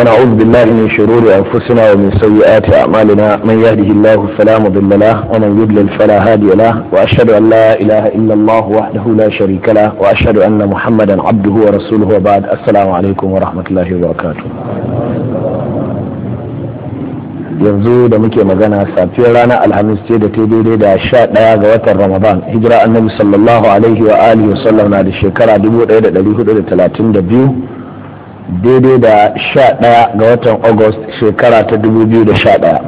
ونعوذ بالله من شرور أنفسنا ومن سيئات أعمالنا من يهده الله فلا مضل له ومن يضلل فلا هادي له وأشهد أن لا إله إلا الله وحده لا شريك له وأشهد أن محمدا عبده ورسوله وبعد السلام عليكم ورحمة الله وبركاته yanzu da muke magana safiyar ranar alhamis ce da ta daidai da sha ɗaya ga watan ramadan hijira annabi sallallahu alaihi wa alihi wa sallam na da shekara 1432 daidai da sha ɗaya ga watan august shekara ta dubu biyu da sha ɗaya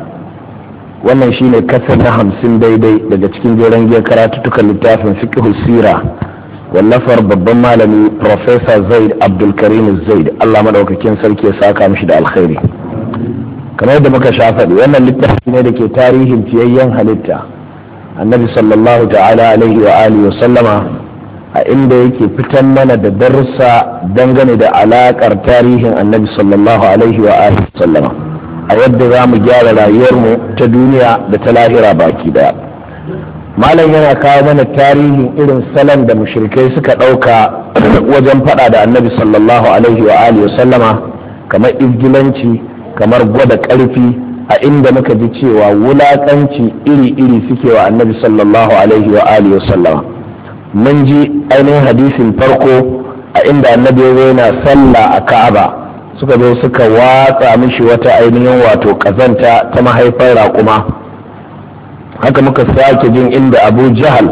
wannan shine kasar na hamsin daidai daga cikin jeren giyar karatuttukan littafin fiqhu sira wallafar babban malami professor zaid abdulkarim zaid allah maɗaukakin sarki ya saka mishi da alkhairi kamar yadda muka sha faɗi wannan littafi ne da ke tarihin ciyayyen halitta annabi sallallahu ta'ala alaihi wa alihi wa sallama a inda yake fitan mana da darussa dangane da alakar tarihin annabi sallallahu alaihi wa alihi sallama a yadda za mu gyara rayuwarmu ta duniya da ta lahira baki daya malam yana kawo mana tarihin irin salon da mushrikai suka ɗauka wajen faɗa da annabi sallallahu alaihi wa alihi sallama kamar izgilanci kamar gwada ƙarfi a inda muka ji cewa wulaƙanci iri-iri suke wa annabi sallallahu alaihi wa alihi sallama mun ji ainihin hadisin farko a inda annabi ya na sallah a ka'aba suka zo suka watsa mishi wata ainihin wato kazanta ta mahaifar raƙuma haka muka sake jin inda abu jahal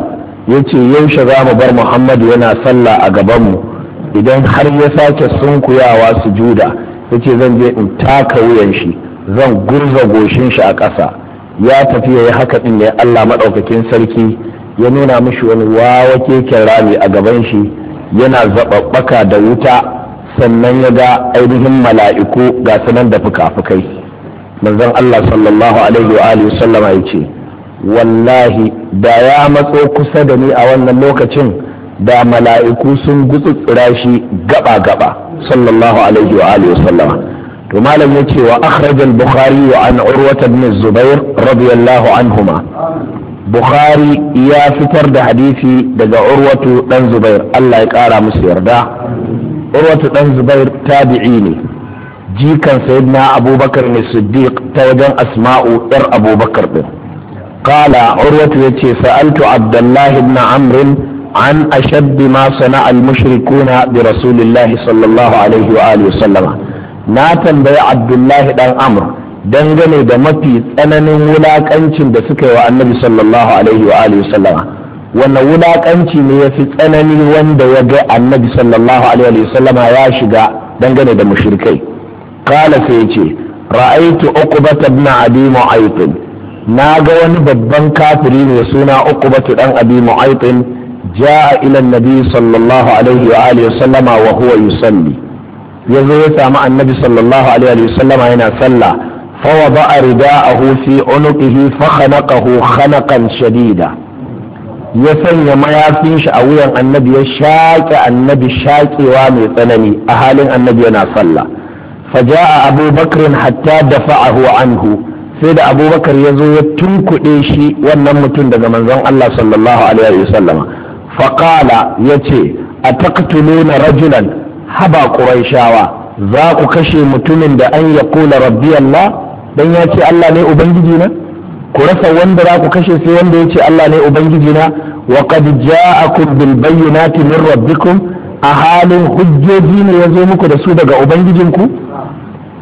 ya ce yaushe za mu bar muhammadu yana sallah a gabanmu idan har ya sake sunkuyawa sujuda ya ce zan je in taka wuyan shi zan gurza goshin shi a ƙasa ya tafi ya yi haka ɗin ne allah maɗaukakin sarki ya nuna mishi wani wawa keken rami a gaban shi yana zaɓaɓɓaka da wuta sannan ya ga ainihin mala'iku ga sanan da fuka-fukai manzon Allah sallallahu alaihi wa alihi sallama ya ce wallahi da ya matso kusa da ni a wannan lokacin da mala'iku sun gutsutsura shi gaba-gaba sallallahu alaihi wa alihi sallama to malam ya ce wa akhraj bukhari wa an urwata ibn zubair radiyallahu anhuma bukhari ya fitar da hadisi daga urwatu ɗan zubair allah ya ƙara musu yarda urwatu ɗan zubair tabi'i ne jikan sayyidina abubakar ne siddiq ta wajen asma'u ɗar abubakar ɗin. qala urwatu ce sa'altu abdullahi ibn amrin an ashadd ma sana'a al-mushrikuna bi rasulillahi sallallahu alaihi wa alihi wa sallama na tambayi abdullahi ɗan amr dangane da mafi tsananin wulakancin da suka yi wa annabi sallallahu alaihi wa alihi sallama wannan wulakanci ne ya fi tsanani wanda ya ga annabi sallallahu alaihi sallama ya shiga dangane da mushrikai kala sai ce ra'aitu uqbata ibn abi mu'aytin na ga wani babban kafiri ne suna uqbatu dan abi mu'aytin ja'a ila annabi sallallahu alaihi wa alihi sallama wa huwa yusalli yazo ya samu annabi sallallahu alaihi wa sallama yana sallah Fawa فوضع رداءه في عنقه فخنقه خنقا شديدا ya sanya mayafin shi a wuyan annabi ya shaƙe annabi shaƙewa mai tsanani a halin annabi yana sallah faja'a abubakar hatta dafa'ahu anhu sai da abubakar ya zo ya tunkuɗe shi wannan mutum daga manzon Allah sallallahu faƙala ya ce a taktuluna rajulan haba ƙuraishawa za ku kashe mutumin da an ya kula rabbi Allah dan ya ce Allah ne ubangiji na ku rasa wanda za ku kashe sai wanda ya ce Allah ne ubangiji na wa qad ja'akum bil bayyinati min rabbikum a halin hujjoji ne ya zo muku da su daga ubangijinku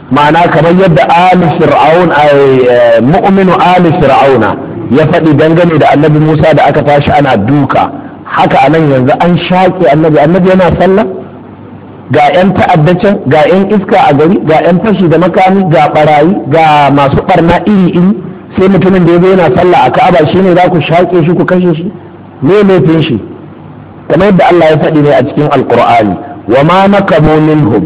ma'ana kamar yadda ali fir'aun eh, mu'minu ali fir'auna ya faɗi dangane da annabi Musa da aka tashi ana duka haka anan yanzu an shaƙe annabi annabi yana sallah ga 'yan ta'adda can ga 'yan iska a gari ga 'yan fashi da makami ga barayi ga masu barna iri iri sai mutumin da ya zo yana sallah a ka'aba shi ne za ku shaƙe shi ku kashe shi me laifin shi kamar yadda Allah ya faɗi ne a cikin Alkur'ani? wa ma nakamu minhum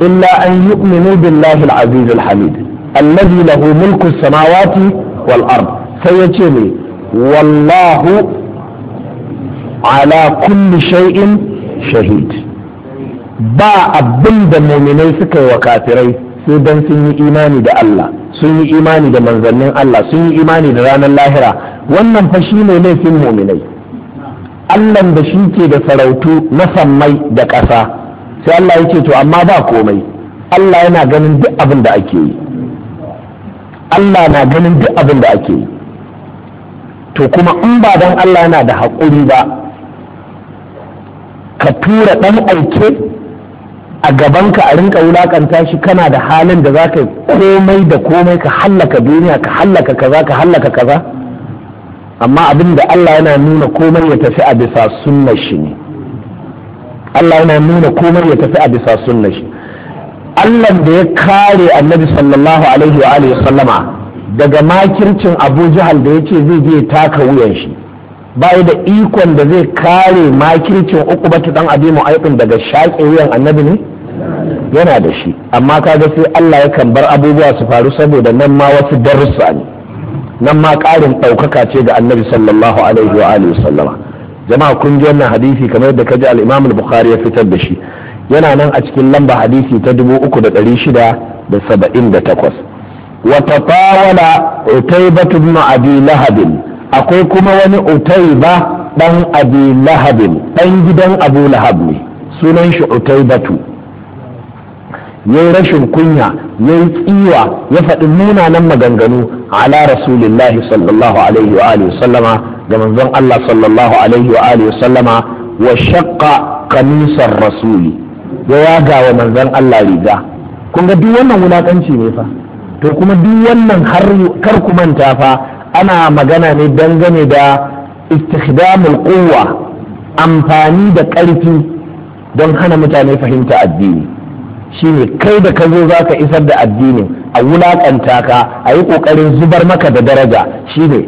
illa an yu'minu billahi al-aziz al-hamid allazi lahu mulku samawati wal ard sai ya ce ne wallahu ala kulli shay'in shahid ba abin da muminai suka yi wa kafirai sai don sun yi imani da Allah sun yi imani da manzannin Allah sun yi imani da ranar lahira wannan fa shi ne laifin muminai Allah da shi ke da sarautu na sammai da ƙasa sai Allah yake to amma ba komai Allah yana ganin duk abin da ake yi Allah na ganin duk abin da ake yi to kuma in ba don Allah yana da haƙuri ba ka tura ɗan aike a gabanka a rinka wulakanta shi kana da halin da za ka yi komai da komai ka hallaka duniya ka hallaka kaza ka hallaka kaza amma abin da Allah yana nuna komai ya tafi a bisa sunnar shi ne Allah yana nuna komai ya tafi a bisa sunnar shi Allah da ya kare annabi sallallahu alaihi wa alihi sallama daga makircin Abu Jahal da yace zai je taka wuyan shi bai da ikon da zai kare makircin uku ta dan abi mu'aifin daga shaƙe wuyan annabi ne yana da shi amma kaga sai Allah ya kan bar abubuwa su faru saboda nan ma wasu darussa ne nan ma ƙarin ɗaukaka ce ga annabi sallallahu alaihi wa alihi sallama jama'a kun ji wannan hadisi kamar yadda kaji al-Imam al-Bukhari ya fitar da shi yana nan a cikin lamba hadisi ta 3678 wa tatawala utaybatu ibn abi lahabin akwai kuma wani utaiba dan abi lahabin dan gidan abu lahab ne sunan shi utaibatu ya yi rashin kunya ya yi tsiwa ya faɗi munanan maganganu ala rasulillahi sallallahu alaihi wa alihi sallama ga manzon Allah sallallahu alaihi wa alihi sallama wa shaqqa kamisar rasuli ya yaga wa manzon Allah riga kun ga duk wannan wulakanci ne fa to kuma duk wannan har kar ku manta fa ana magana ne dangane da istikhdamul quwwa amfani da ƙarfi don hana mutane fahimta addini shine kai da ka zo za ka isar da addini a wulaƙanta ka a yi ƙoƙarin zubar maka da daraja shine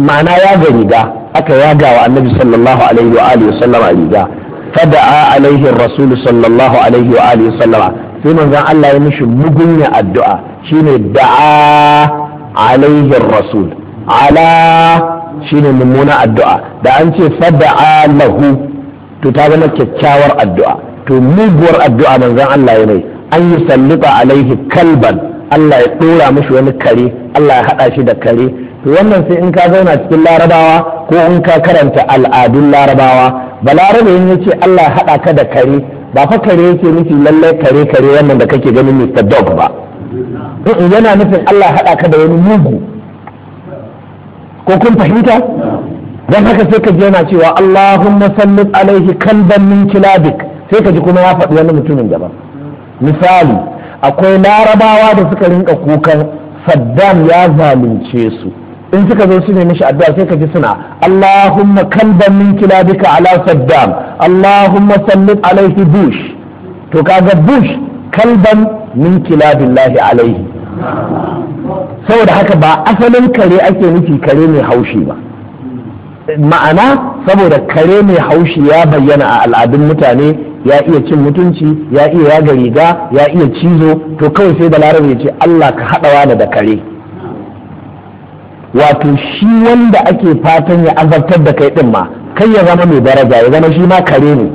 ma'ana ya ga riga aka yaga wa annabi sallallahu alaihi wa alihi sallama riga fada'a alaihi rasul sallallahu alaihi wa alihi sallama sai manzon Allah ya mishi mugunya addu'a shine da'a alaihi rasul ala shine mummuna addu'a da an ce fada'a lahu to ta zama kyakkyawar addu'a to muguwar addu'a manzon Allah ya ne an yi sallita alaihi kalban Allah ya dora mishi wani kare Allah ya hada shi da kare to wannan sai in ka zauna cikin larabawa ko in ka karanta al'adun larabawa balarabe in yace Allah ya hada ka da kare ba fa kare yake nufi lallai kare kare wannan da kake ganin Mr Dog ba yana nufin Allah haɗa ka da wani mugu ko kun fahimta don haka sai ka ji yana cewa Allahumma sallit alaihi kalban min kilabik sai ka ji kuma ya faɗi wani mutumin gaba misali akwai larabawa da suka rinka kukan saddam ya zalunce su in suka zo su nemi shi addu'a sai ka ji suna Allahumma kalban min kilabika ala saddam Allahumma sallit alaihi bush to kaga bush kalban min kilabillahi alaihi saboda haka ba asalin kare ake nufi kare mai haushi ba ma'ana saboda kare mai haushi ya bayyana a al'adun mutane ya iya cin mutunci ya iya yaga riga ya iya cizo to kawai sai da larabe ya ce allah ka haɗawa da kare wato shi wanda ake fatan ya azabtar da kai ɗin ma kai ya zama mai daraja ya zama shi ma kare ne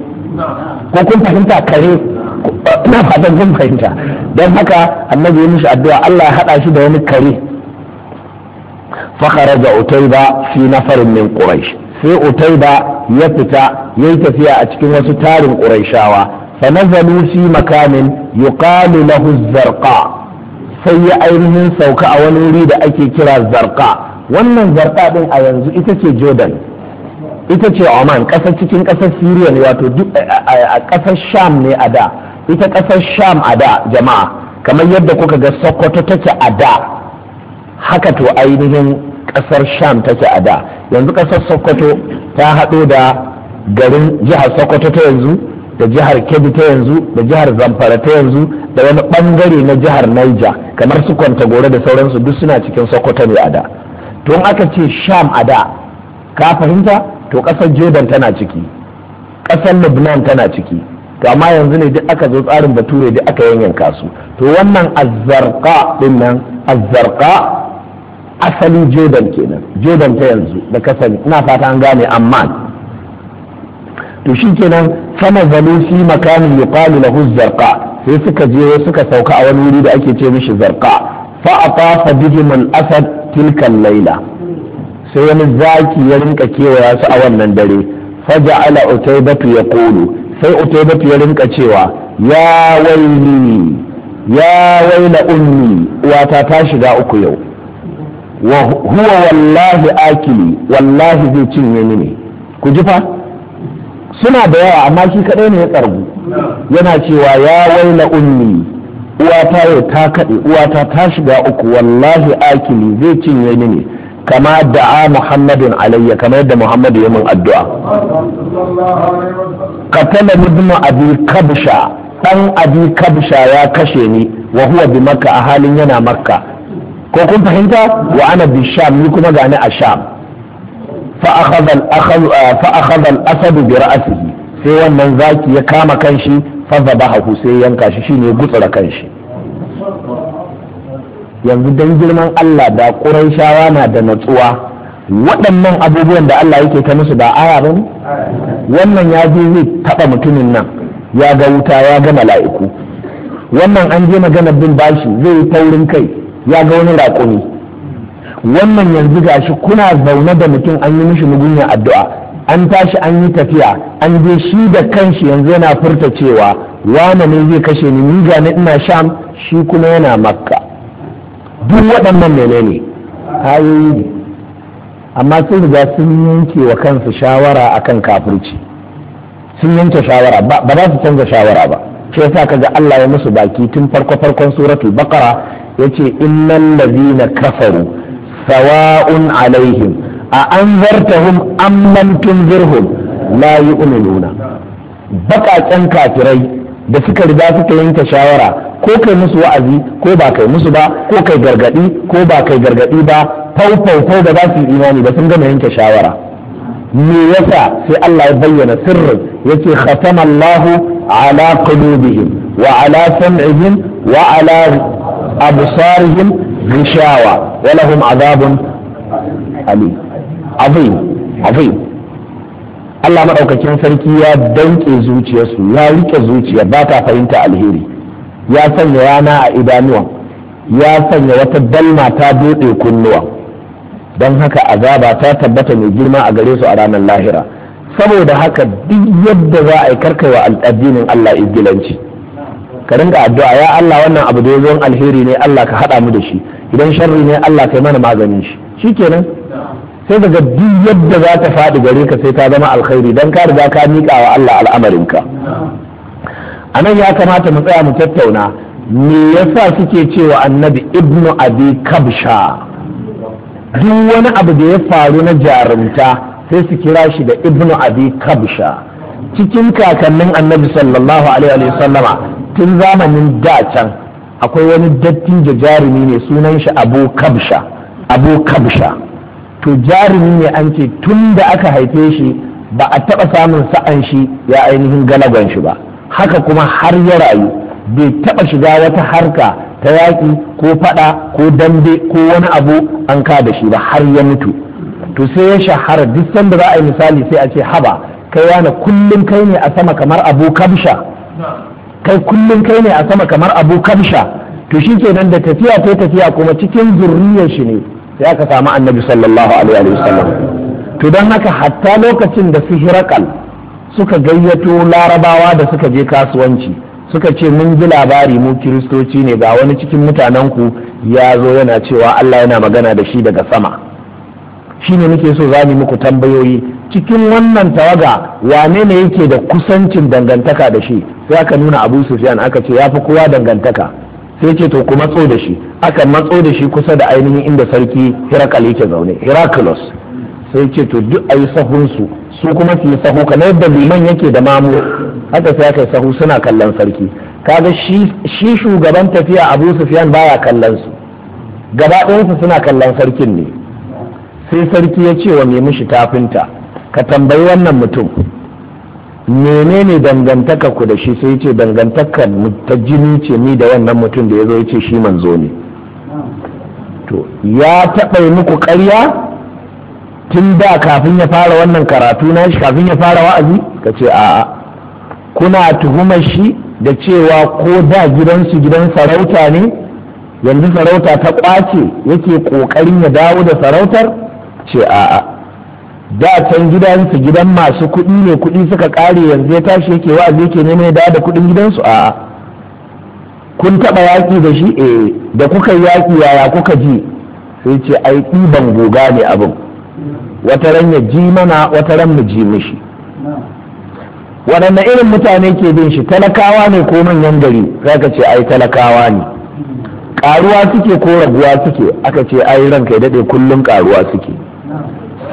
ko kun fahimta kare ina fatan kun fahimta don haka annabi ya mishi addu'a Allah ya hada shi da wani kare fa kharaja utayba fi nafarin min quraish sai utayba ya fita yayi tafiya a cikin wasu tarin quraishawa fa nazalu fi makamin yuqalu lahu zarqa sai ya ainihin sauka a wani wuri da ake kira zarqa wannan zarqa din a yanzu ita ce jordan ita ce oman ƙasar cikin ƙasar syria ne wato a ƙasar sham ne a da ita ƙasar sham a da jama'a kamar yadda kuka ga sokoto take a da haka to ainihin ƙasar sham take a da yanzu ƙasar sokoto ta haɗo da garin jihar sokoto ta yanzu da jihar kebbi ta yanzu da jihar zamfara ta yanzu da wani ɓangare na jihar naija kamar su kwanta kwantagore da sauransu duk suna cikin sokoto ne a da to aka ce sham a da ka fahimta to ƙasar jordan tana ciki ƙasar lebanon tana ciki to amma yanzu ne duk aka zo tsarin bature duk aka yanyanka su to wannan azzarqa din nan azzarqa asali jodan kenan jodan ta yanzu da kasani ina fata an gane amma to shi kenan sama zalu fi makamin yuqalu lahu zarqa sai suka je suka sauka a wani wuri da ake ce mishi zarqa fa a bihim al-asad tilkan al-laila sai wani zaki ya rinka kewaya su a wannan dare faja'ala utaybatu yaqulu sai utaybatu ya rinka cewa ya waini ya waila ummi wata ta shiga uku yau wa huwa wallahi akili wallahi zai cinye ne. ku ji fa suna da yawa amma shi kadai ne ya tsargu yana cewa ya waila ummi uwata yau ta kaɗe uwata ta shiga uku wallahi akili zai cinye ne. kama da'a muhammadin alayya kamar da muhammadu ya min addu'a qatala ibn abi kabsha dan abi kabsha ya kashe ni wa huwa bi makka a halin yana makka ko kun fahimta wa ana bi sham ni kuma gani a sham fa akhadha al asad bi ra'sihi sai wannan zaki ya kama kanshi fa zabahu sai yanka shi shine gutsura kanshi yanzu dan girman Allah da Qurayshawa na da natsuwa waɗannan abubuwan da Allah yake ta musu ba aya ba ne wannan ya je zai taɓa mutumin nan ya ga wuta ya ga mala'iku wannan an je maganar bin bashi zai yi taurin kai ya ga wani raƙumi wannan yanzu gashi kuna zaune da mutum an yi mishi mugunya addu'a an tashi an yi tafiya an je shi da kanshi yanzu yana furta cewa wane ne zai kashe ni ni ga ina sham shi kuma yana makka duk waɗannan menene ayoyi ne amma sun riga sun yanke wa kansu shawara akan kafirci sun yanke shawara ba za su canza shawara ba shi yasa kaga Allah ya musu baki tun farko farkon suratul baqara yace innal ladina kafaru sawa'un alaihim a an anzartahum am lam tunzirhum la yu'minuna bakaken kafirai da suka riga suka yanke shawara ko kai musu wa'azi ko ba kai musu ba ko kai gargadi ko ba kai gargadi ba faufautai da ba su imani ba sun gama yanke shawara me yasa sai Allah ya bayyana sirrin yace khatama Allahu ala qulubihim wa ala sam'ihim wa ala absarihim ghishawa wa lahum adhabun alim azim azim Allah madaukakin sarki ya danke zuciyarsu ya rike zuciya ba ta fahimta alheri ya sanya rana a idanuwa ya sanya wata dalma ta buɗe kunnuwa don haka azaba ta tabbata mai girma a gare su a ranar lahira saboda haka duk yadda za a yi karkaiwa addinin Allah izgilanci ka ringa addu'a ya Allah wannan abu da zo alheri ne Allah ka hada mu da shi idan sharri ne Allah kai mana maganin shi shikenan sai daga duk yadda za ta faɗi gare ka sai ta zama alkhairi dan ka riga ka miƙa wa Allah al'amarinka a nan ya kamata mu tsaya mu tattauna me yasa suke cewa annabi ibnu abi kabsha duk wani abu da ya faru na jarumta sai su kira shi da ibnu abi kabsha cikin kakannin annabi sallallahu alaihi wa sallama tun zamanin da can akwai wani dattijo jarumi ne sunan shi abu kabsha abu kabsha to jarumi ne an ce tun da aka haife shi ba a taɓa samun sa'an shi ya ainihin galagon shi ba haka kuma har ya rayu bai taɓa shiga wata harka ta yaƙi ko faɗa ko dambe ko wani abu an ka da shi ba har ya mutu to sai ya shahara duk sanda za a yi misali sai a ce haba kai yana kullum kai ne a sama kamar abu kabsha kai kullum kai ne a sama kamar abu kabsha to shi nan da tafiya ta tafiya kuma cikin zurriyar shi ne sai aka samu annabi sallallahu alaihi wa sallam to don haka hatta lokacin da su hirakal suka gayyato larabawa da suka je kasuwanci suka ce mun ji labari mu kiristoci ne ga wani cikin mutanenku ya zo yana cewa Allah yana magana da shi daga sama shi ne muke so za mu muku tambayoyi cikin wannan tawaga wane ne yake da kusancin dangantaka da shi sai aka nuna abu sufyan aka ce ya fi kowa dangantaka sai ce to ku matso da shi aka matso da shi kusa da ainihin inda sarki hirakal yake zaune hiraklus sai ce to duk ayi sahunsu su kuma su yi sahu kamar yadda liman yake da mamu haka sai aka sahu suna kallon sarki kaga shi shugaban tafiya abu sufyan baya kallon su gaba su suna kallon sarkin ne sai sarki ya ce wa mai mishi tafinta ka tambayi wannan mutum menene dangantaka ku da shi sai ce dangantaka ta jini ce ni da wannan mutum da ya zo ya ce shi manzo ne to ya taɓa muku karya tun da kafin ya fara wannan karatu na shi kafin ya fara wa'azi ka ce a'a kuna tuhumar shi da cewa ko da gidansu gidan sarauta ne yanzu sarauta ta ƙwace yake ƙoƙarin ya dawo da sarautar ce a'a da can gidansu gidan masu kuɗi ne kuɗi suka ƙare yanzu ya tashi yake wa'azi ke neman ya dawo da kuɗin gidansu a'a kun taɓa yaƙi da shi eh da kuka yaƙi yaya kuka ji sai ce ai ɗiban goga ne abin wata ran ya ji mana wata ran mu ji mishi waɗanne irin mutane ke bin shi talakawa ne ko manyan gari ka ce ai talakawa ne Ƙaruwa suke ko raguwa suke aka ce ai ranka ya daɗe kullum ƙaruwa suke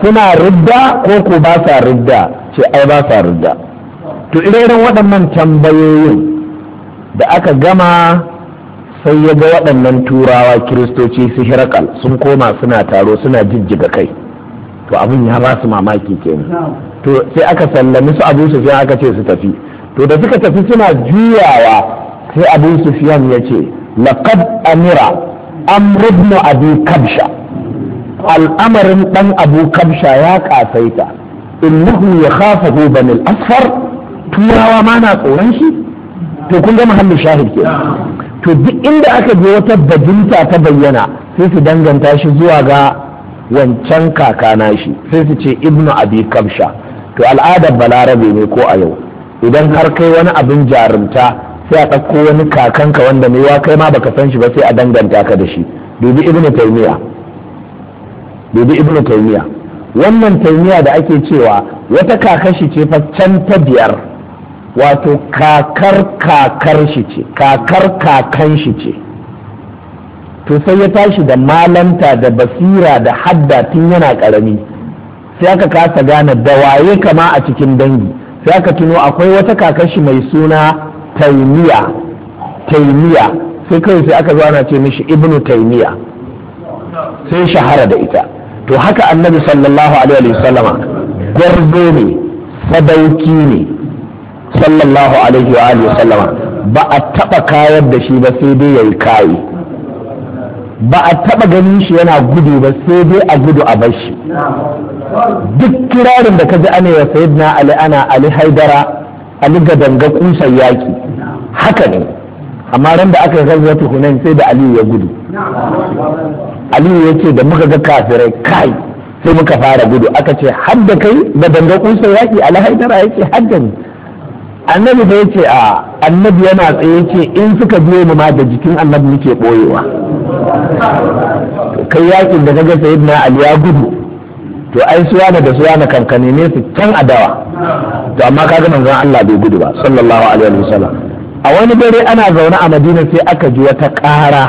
suna ridda ko ko ba sa ridda ce ai ba sa ridda to irin waɗannan tambayoyin da aka gama sai ya ga waɗannan turawa kiristoci su hirakal sun koma suna taro suna jijjiga kai to abin ya ba su mamaki kenan to sai aka sallami su abu su aka ce su tafi to da suka tafi suna juyawa sai abu sufyan ya ce laqad amira amrubnu ibn abi kabsha al'amarin dan abu kabsha ya kasaita innahu yakhafu bani al-asfar turawa ma na tsoron shi to kun ga hannun shahid ke to duk inda aka je wata bajinta ta bayyana sai su danganta shi zuwa ga wancan kakana shi sai su ce ibnu abi kabsha to al'adar balarabe ne ko a yau idan har kai wani abin jarumta sai a ɗauko wani kakanka wanda mai kai ma baka san shi ba sai a danganta ka da shi dubi ibnu taymiya dubi ibnu taymiya wannan taymiya da ake cewa wata kakar shi ce fa ta biyar wato kakar kakar shi ce kakar kakan shi ce to sai ya tashi da malanta da basira da hadda tun yana ƙarami sai aka kasa gane da waye kama a cikin dangi sai aka tuno akwai wata kakashi mai suna taimiya taimiya sai kawai sai aka zana ce mishi ibnu taimiya sai shahara da ita to haka annabi sallallahu alaihi wasallama gwarzo ne sadauki ne sallallahu alaihi wa sallam ba a taba kayar da shi ba sai dai yayi kayi ba a taɓa ganin shi yana gudu ba sai dai a gudu a bar shi duk kirarin da ka ji ana ya sayi na ali ana ali haidara ali danga kusan Yaki, haka ne amma ran da aka yi gazzata hunain sai da aliyu ya gudu aliyu ya ce da muka ga kafirai kai sai muka fara gudu aka ce hadda kai da danga kusan Yaki, ali haidara ya ce hadda ni annabi ya ce a annabi yana tsaye ce in suka biyo mu ma da jikin annabi muke ɓoyewa kai yakin da kaga sayyidina ali ya gudu to ai suwa na da suwa na kankane ne su can adawa to amma kaga manzon Allah bai gudu ba sallallahu alaihi wasallam a wani dare ana zaune a Madina sai aka ji wata kara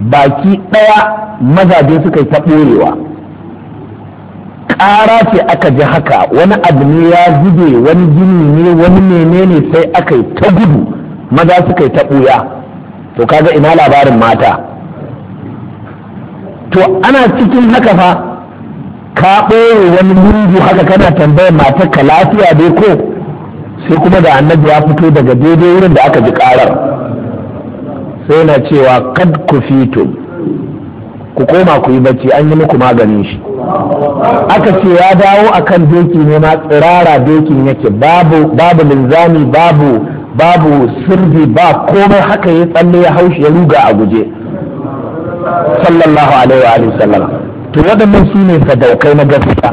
baki ɗaya mazaje suka yi ta ƙara ce aka ji haka wani abu ne ya zube wani jini ne wani menene sai aka yi ta gudu maza suka yi ta buya to kaga ina labarin mata to ana cikin haka fa ka ɓoye wani lungu haka kana tambayar matar ka lafiya dai ko sai kuma da annabi ya fito daga daidai wurin da aka ji karar sai na cewa kad ku fito ku koma ku yi bacci an yi muku maganin shi aka ce ya dawo kan doki ne ma tsirara dokin yake babu babu linzami babu babu sirri ba komai haka ya tsalle ya haushi ya ruga a guje sallallahu alaihi wa sallam to waɗannan su ne sadaukai na gaskiya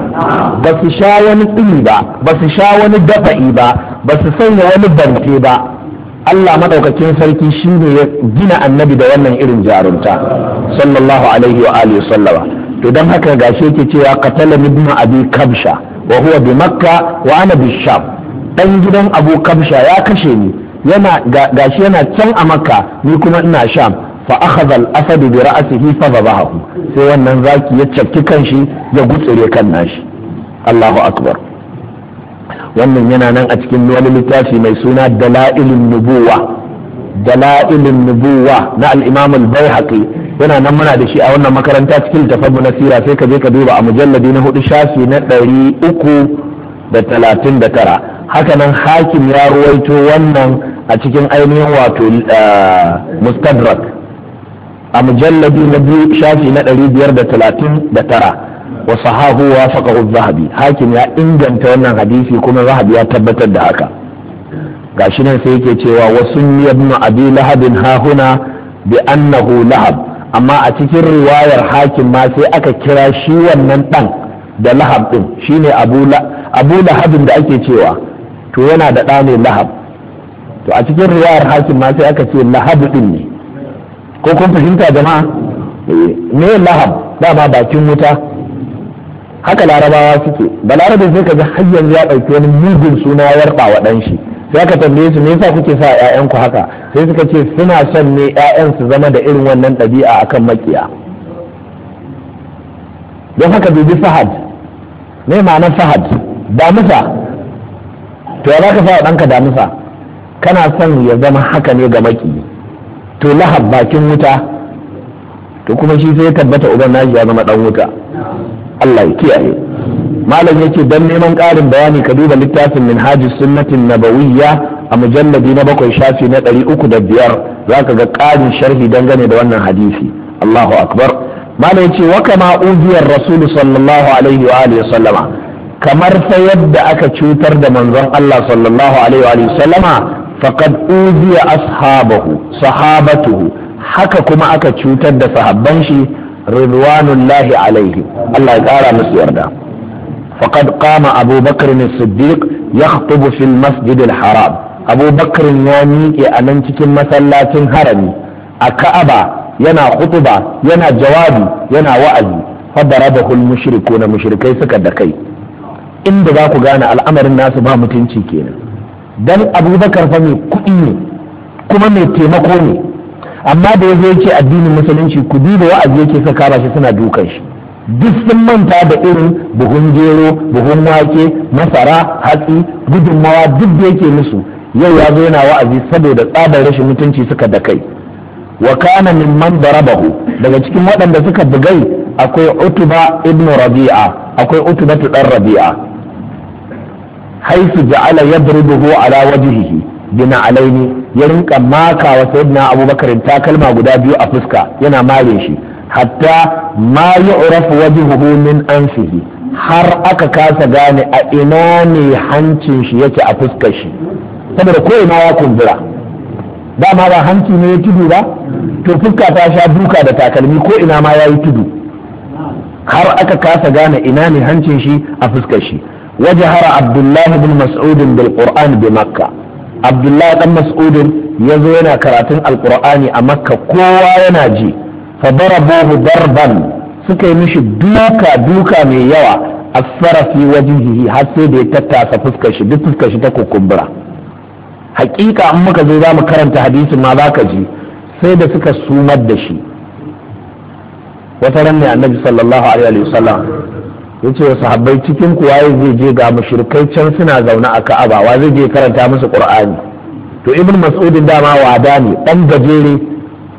ba su sha wani tsini ba ba su sha wani dafa'i ba ba su sanya wani banke ba Allah madaukakin sarki shi ne ya gina annabi da wannan irin jarunta sallallahu alaihi wa alihi sallama to don haka gashi yake cewa qatala ibn abi kabsha wa huwa bi makka wa ana bi sham dan gidan abu kabsha ya kashe ni yana gashi yana can a makka ni kuma ina sham fa akhadha al-asad bi ra'sihi fa dhabahu sai wannan zaki ya cakki shi ya gutsire kan shi. Allahu akbar wannan yana nan a cikin wani littafi mai suna dala'ilun nubuwa dala'ilun nubuwa na al-imam al-baihaqi yana nan muna da shi a wannan makaranta cikin tafabbu na sira sai ka je ka duba a mujalladi na hudu shafi na ɗari uku da talatin da tara hakanan hakim ya ruwaito wannan a cikin ainihin wato eh, mustadrak a mujalladi na biyu shafi na ɗari biyar da talatin da tara wa sahahu wa faƙa zahabi hakim ya inganta wannan hadisi kuma zahabi ya tabbatar da haka gashi nan sai yake cewa wasu sunni ibn abi lahabin hahuna bi annahu lahab amma a cikin riwayar hakim ma sai aka kira shi wannan dan da lahab din shine abu abu lahabin da ake cewa to yana da ɗa ne lahab to a cikin riwayar hakim ma sai aka ce lahab din ne ko kun fahimta jama'a eh, me lahab ba bakin wuta haka larabawa suke Ba larabin sai ji har yanzu ya ɗauki wani mugun suna ya yarba wa ɗan shi sai ka tambaye su me yasa kuke sa ƴaƴanku haka sai suka ce suna son ne ƴaƴan su zama da irin wannan ɗabi'a akan makiya don haka Bibi fahad me ma'anar fahad damusa to ya za ka sa wa ɗanka Damisa? kana son ya zama haka ne ga makiyi to lahab bakin wuta to kuma shi sai tabbata uban nashi ya zama dan wuta Allah ya kiyaye malam yace dan neman ƙarin bayani ka duba littafin minhajus sunnatin nabawiyya a mujalladi na bakwai shafi na ɗari uku da biyar zaka ga ƙarin sharhi dangane da wannan hadisi Allahu akbar malam yace wa kama ubiyar rasul sallallahu alaihi wa alihi sallama kamar fa yadda aka cutar da manzon Allah sallallahu alaihi wa alihi sallama faqad uziya ashabahu sahabatuhu haka kuma aka cutar da sahabban shi ridwanullahi alaihi Allah ya kara musu yarda faqad qama Abu Bakr as-Siddiq yakhtubu fil masjid al-haram Abu Bakr ya miƙe a nan cikin masallacin harami a Ka'aba yana khutuba yana jawabi yana wa'azi fadarabahu al na mushrikai suka da kai inda za ku gane al'amarin nasu ba mutunci kenan dan abubakar fa mai kuɗi ne kuma mai taimako ne amma da ya zo yake addinin musulunci ku da wa'azi yake saka ba shi suna dukan shi duk sun manta da irin buhun gero buhun wake masara hatsi gudunmawa duk da yake musu yau ya zo yana wa'azi saboda tsadar rashin mutunci suka da kai wa kana man darabahu daga cikin waɗanda suka bugai akwai utuba ibnu rabi'a akwai utuba dan rabi'a haisu ja'ala yadribuhu ala wajhihi bina alaini ya rinka maka wa sayyidina abubakar takalma guda biyu a fuska yana mare shi hatta ma yu'rafu hukumin min anfihi har aka kasa gane a ina ne hancin shi yake a fuskar shi saboda ko ina ya kumbura ma ba hanci ne ya tudu ba to fuska ta sha duka da takalmi ko ina ma ya yi tudu har aka kasa gane ina ne hancin shi a fuskar shi وجهر عبد الله بن مسعود بالقرآن بمكة عبد الله بن مسعود يزوينا كراتين القرآن أمكة كوا يناجي فضربوه ضربا سكي مش دوكا دوكا من يوى أثر في وجهه حسيد تتاسى فسكش دي فسكش تكو كبرى حقيقة أمك زي دام كرمت حديث ما ذاك جي سيد سكا سومد دشي وترني النبي صلى الله عليه وسلم ya ce wa sahabbai cikin kuwa zai je ga mushrikai can suna zaune a ka'aba wa zai je karanta musu qur'ani to ibn mas'udin dama wada ne dan gajere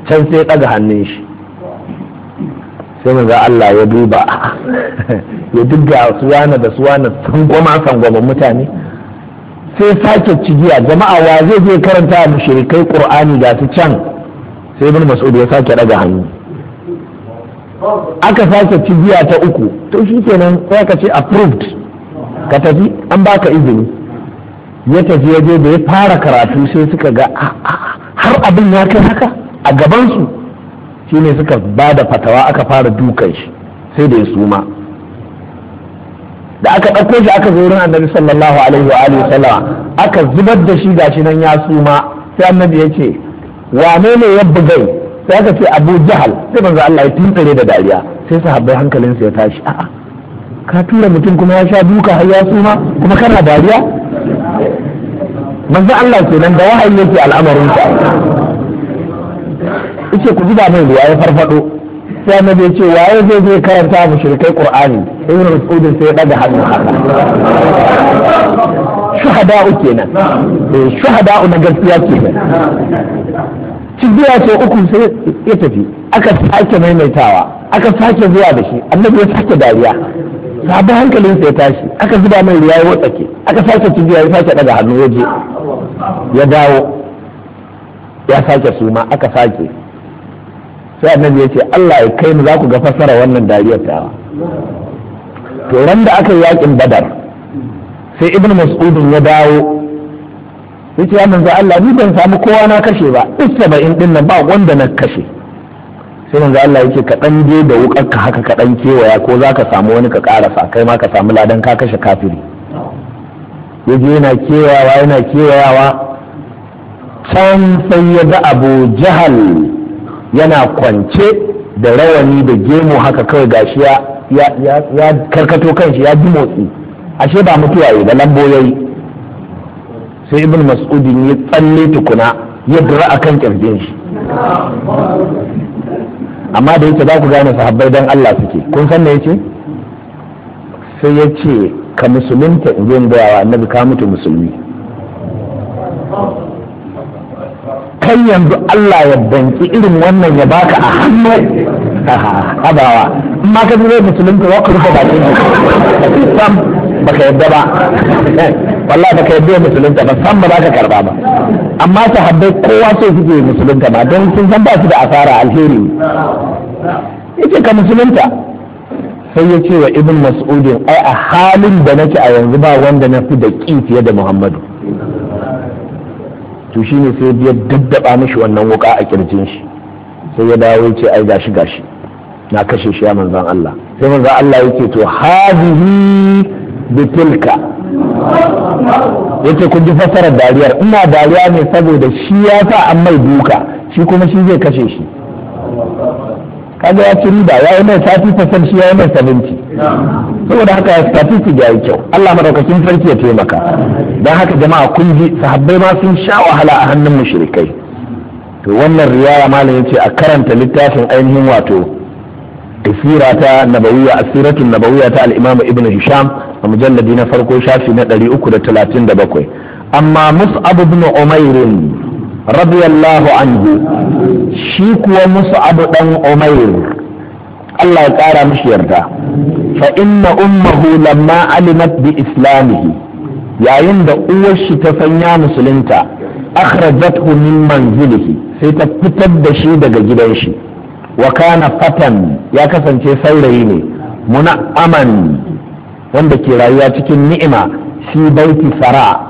can sai daga hannun shi sai za Allah ya duba ya su yana da su suwana sangoma sangoma mutane sai sake cigiya jama'a wa zai je karanta mushrikai qur'ani ga su can sai ibn mas'ud ya sake daga hannu aka sake cibiya ta uku to shi kenan sai ka ce approved ka tafi an baka izini ya tafi ya je da ya fara karatu sai suka ga ah, ah, ah, har abin ya kai haka a gabansu shine suka ba da fatawa aka fara dukan shi sai da ya suma da aka ɗauko shi aka zo wurin annabi sallallahu alaihi wa alihi sallama aka zubar da shi gashi nan ya suma sai annabi ya ce wane ne ya bugai sai aka ce abu jahal sai manzo Allah ya tinkare da dariya sai sahabbai hankalinsu ya tashi a'a ka tura mutum kuma ya sha duka har ya suma kuma kana dariya manzo Allah ke nan da wahayi yake al'amarin ka yace ku da mai ya farfado sai annabi ya ce waye zai je karanta shirkai qur'ani ibn mas'ud sai ya daga hannu haka shuhada'u kenan eh, shuhada'u na gaskiya kenan ci biya ce uku sai ya tafi aka sake maimaitawa aka sake zuwa da shi annabi ya sake dariya sabon hankalin ya tashi aka zuba mai ruwa ya tsake aka sake ci biya ya sake daga hannu waje ya dawo ya sake suma aka sake sai annabi ya ce Allah ya kai mu za ku ga fassara wannan dariyar ta to ran da aka yi yakin badar sai ibnu mas'udun ya dawo yace ya manzo Allah ni ban samu kowa na kashe ba ba in dinnan ba wanda na kashe sai manzo Allah yake ka dan je da wukar ka haka ka dan kewaya ko za ka samu wani ka karasa kai ma ka samu ladan ka kashe kafiri yaje yana kewayawa yana kewayawa can sai ya ga Abu Jahal yana kwance da rawani da gemu haka kawai gashi ya ya karkato kanshi ya ji motsi ashe ba mutuwa ba lambo yayi sai ibn mas'udin ya tsalle tukuna ya dura a kan kirjin shi amma da yake za ku gane sahabbai don Allah suke kun san me yace sai ya ce ka musulunta in yin gawa annabi ka mutu musulmi Kan yanzu Allah ya banki irin wannan ya baka a hannu abawa amma ka zai musulunta wa ku rufe bakin ka ba ka yadda ba wallahi baka yadda musulunta ba san ba za ka karba ba amma sahabbai kowa so suke musulunta ba don sun san ba su da asara alheri ne. yace ka musulunta sai ya ce wa ibn mas'udin ai a halin da nake a yanzu ba wanda na fi da ƙi fiye da muhammadu to shine sai ya daddaba mishi wannan wuka a kirjin shi sai ya dawo ya ce ai gashi gashi na kashe shi ya manzan Allah sai manzan Allah yake to hadihi bitilka yake kun ji fassarar dariyar ina dariya ne saboda shi ya sa an mai duka shi kuma shi zai kashe shi kaga ya ci riba ya yi mai sati fasan shi ya yi mai salinci saboda haka ya su ya yi kyau Allah madaukakin sarki ya taimaka don haka jama'a kun ji sahabbai ma sun sha wahala a hannun mushrikai to wannan riya malam ce a karanta littafin ainihin wato sira ta nabawiya asiratun nabawiya ta al-imam ibn hisham a mujalladi na farko shafi na da da bakwai. amma mus'ab ibn umair radiyallahu anhu shi kuwa mus'ab ɗan umair Allah ya kara mushi yarda fa inna ummuhu lamma alimat bi islamihi yayin da uwar shi ta sanya musulunta akhrajathu min manzilihi sai ta fitar da shi daga gidan shi wa kana fatan ya kasance saurayi ne muna aman wanda ke rayuwa cikin ni'ima shi baiti fara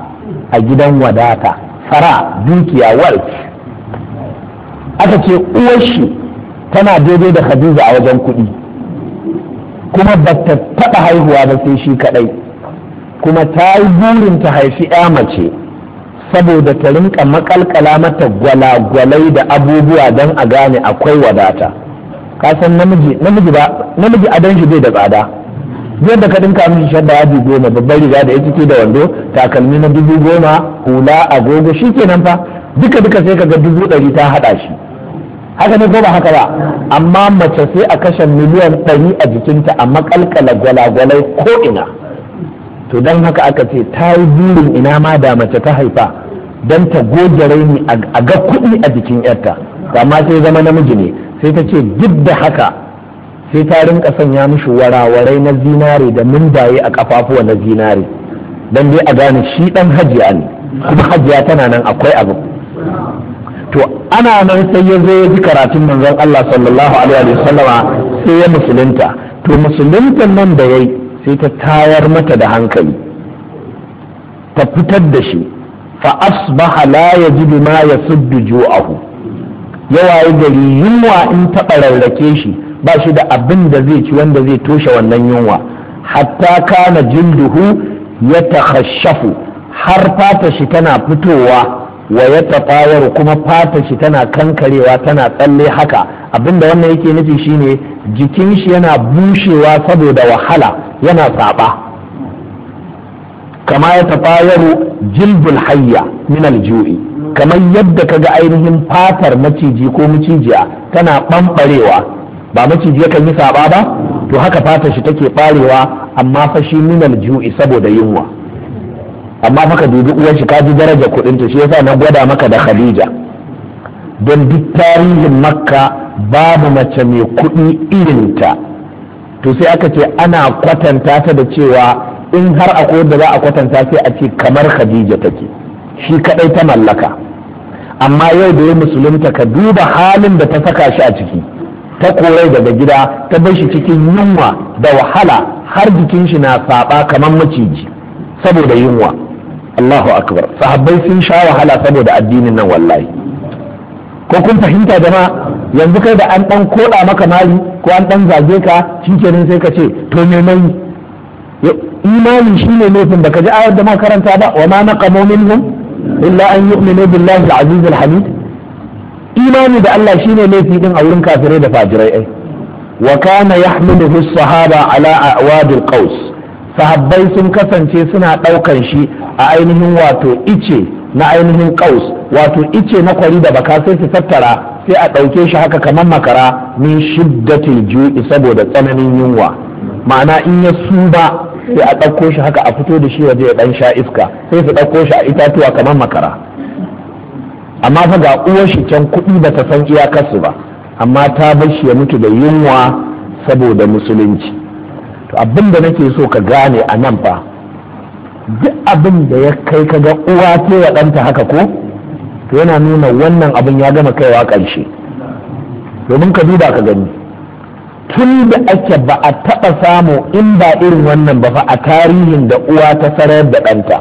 a gidan wadata fara dukiya wealth aka ce uwar shi tana daidai da hadiza a wajen kuɗi kuma ba ta taɓa haihuwa ba sai shi kaɗai kuma ta yi burin ta haifi ya mace saboda ta rinka makalkala mata gwalagwalai da abubuwa don a gane akwai wadata ka san namiji namiji ba namiji adon shi bai da tsada yadda ka dinka mishi shadda yadi goma babbar riga da ya cike da wando takalmi na dubu goma hula agogo shi kenan fa duka duka sai kaga dubu ɗari ta haɗa shi haka ne ko ba haka ba amma mace sai a kashe miliyan ɗari a jikinta a makalkala gwalagwalai ko ina to don haka aka ce ta yi burin ina ma da mace ta haifa don ta goge raini a ga kuɗi a jikin yarta amma sai zama namiji ne sai ta ce duk da haka sai ta rinka sanya mishi warawarai na zinare da mundaye a kafafuwa na zinare don dai a gane shi dan hajiya ne kuma hajiya tana nan akwai abu to ana nan sai ya zo ya ji karatun manzon Allah sallallahu alaihi wasallama sai ya musulunta to musuluntan nan da yayi sai ta tayar mata da hankali ta fitar da shi fa asbaha la yajidu ma yasuddu ju'ahu yawaye gari yunwa in taɓa rarrake shi ba shi da abin da zai ci wanda zai toshe wannan yunwa hatta kana jinduhu ya takhashafu har fata shi tana fitowa wa ya tafawaru kuma fata shi tana kankarewa tana tsalle haka abinda wannan yake nufi shine jikin shi yana bushewa saboda wahala yana saba kama ya tafawaru jilbul hayya min ju'i. kamar yadda ka ga ainihin fatar maciji ko macijiya tana ɓamɓarewa ba maciji kan yi saɓa ba to haka fatar shi take ɓarewa amma fa shi minal ju'i saboda yunwa amma fa ka dubi uwar shi ka ji daraja kuɗin ta shi yasa na gwada maka da Khadija don duk tarihin Makka babu mace mai kuɗi irinta to sai aka ce ana kwatanta ta da cewa in har akwai da za a kwatanta sai a ce kamar Khadija take shi kadai ta mallaka amma yau da ya musulunta ka duba halin da ta saka shi a ciki ta korai daga gida ta bar shi cikin yunwa da wahala har jikin shi na saba kamar maciji saboda yunwa Allahu akbar sahabbai sun sha wahala saboda addinin nan wallahi ko kun fahimta jama'a yanzu kai da an dan koda maka mali ko an dan zage ka shikenan sai ka ce to me mai imani shine laifin ka ji ayar da makaranta ba wa ma naqamu minhum illa an yu'minu billahi al-aziz hamid imani da Allah shine laifi din a wurin kafirai da fajirai ai wa kana yahmiluhu sahaba ala a'wad al sahabbai sun kasance suna daukan shi a ainihin wato ice na ainihin qaus wato ice na kwari da baka sai su tattara sai a dauke shi haka kamar makara min shiddatil ju'i saboda tsananin yunwa ma'ana in ya suba sai a ɗauko shi haka a fito da shi waje ya ɗan sha iska sai su ɗauko shi a itatuwa kamar makara amma fa ga uwar shi can kuɗi ba ta san iyakarsu ba amma ta bar shi ya mutu da yunwa saboda musulunci to abin da nake so ka gane a nan fa duk abin da ya kai ka ga uwa ta ya ɗanta haka ko to yana nuna wannan abin ya gama kaiwa ƙarshe domin ka duba ka gani tun da ake ba a taɓa samu in ba irin wannan ba fa a tarihin da uwa ta sarar da ɗanta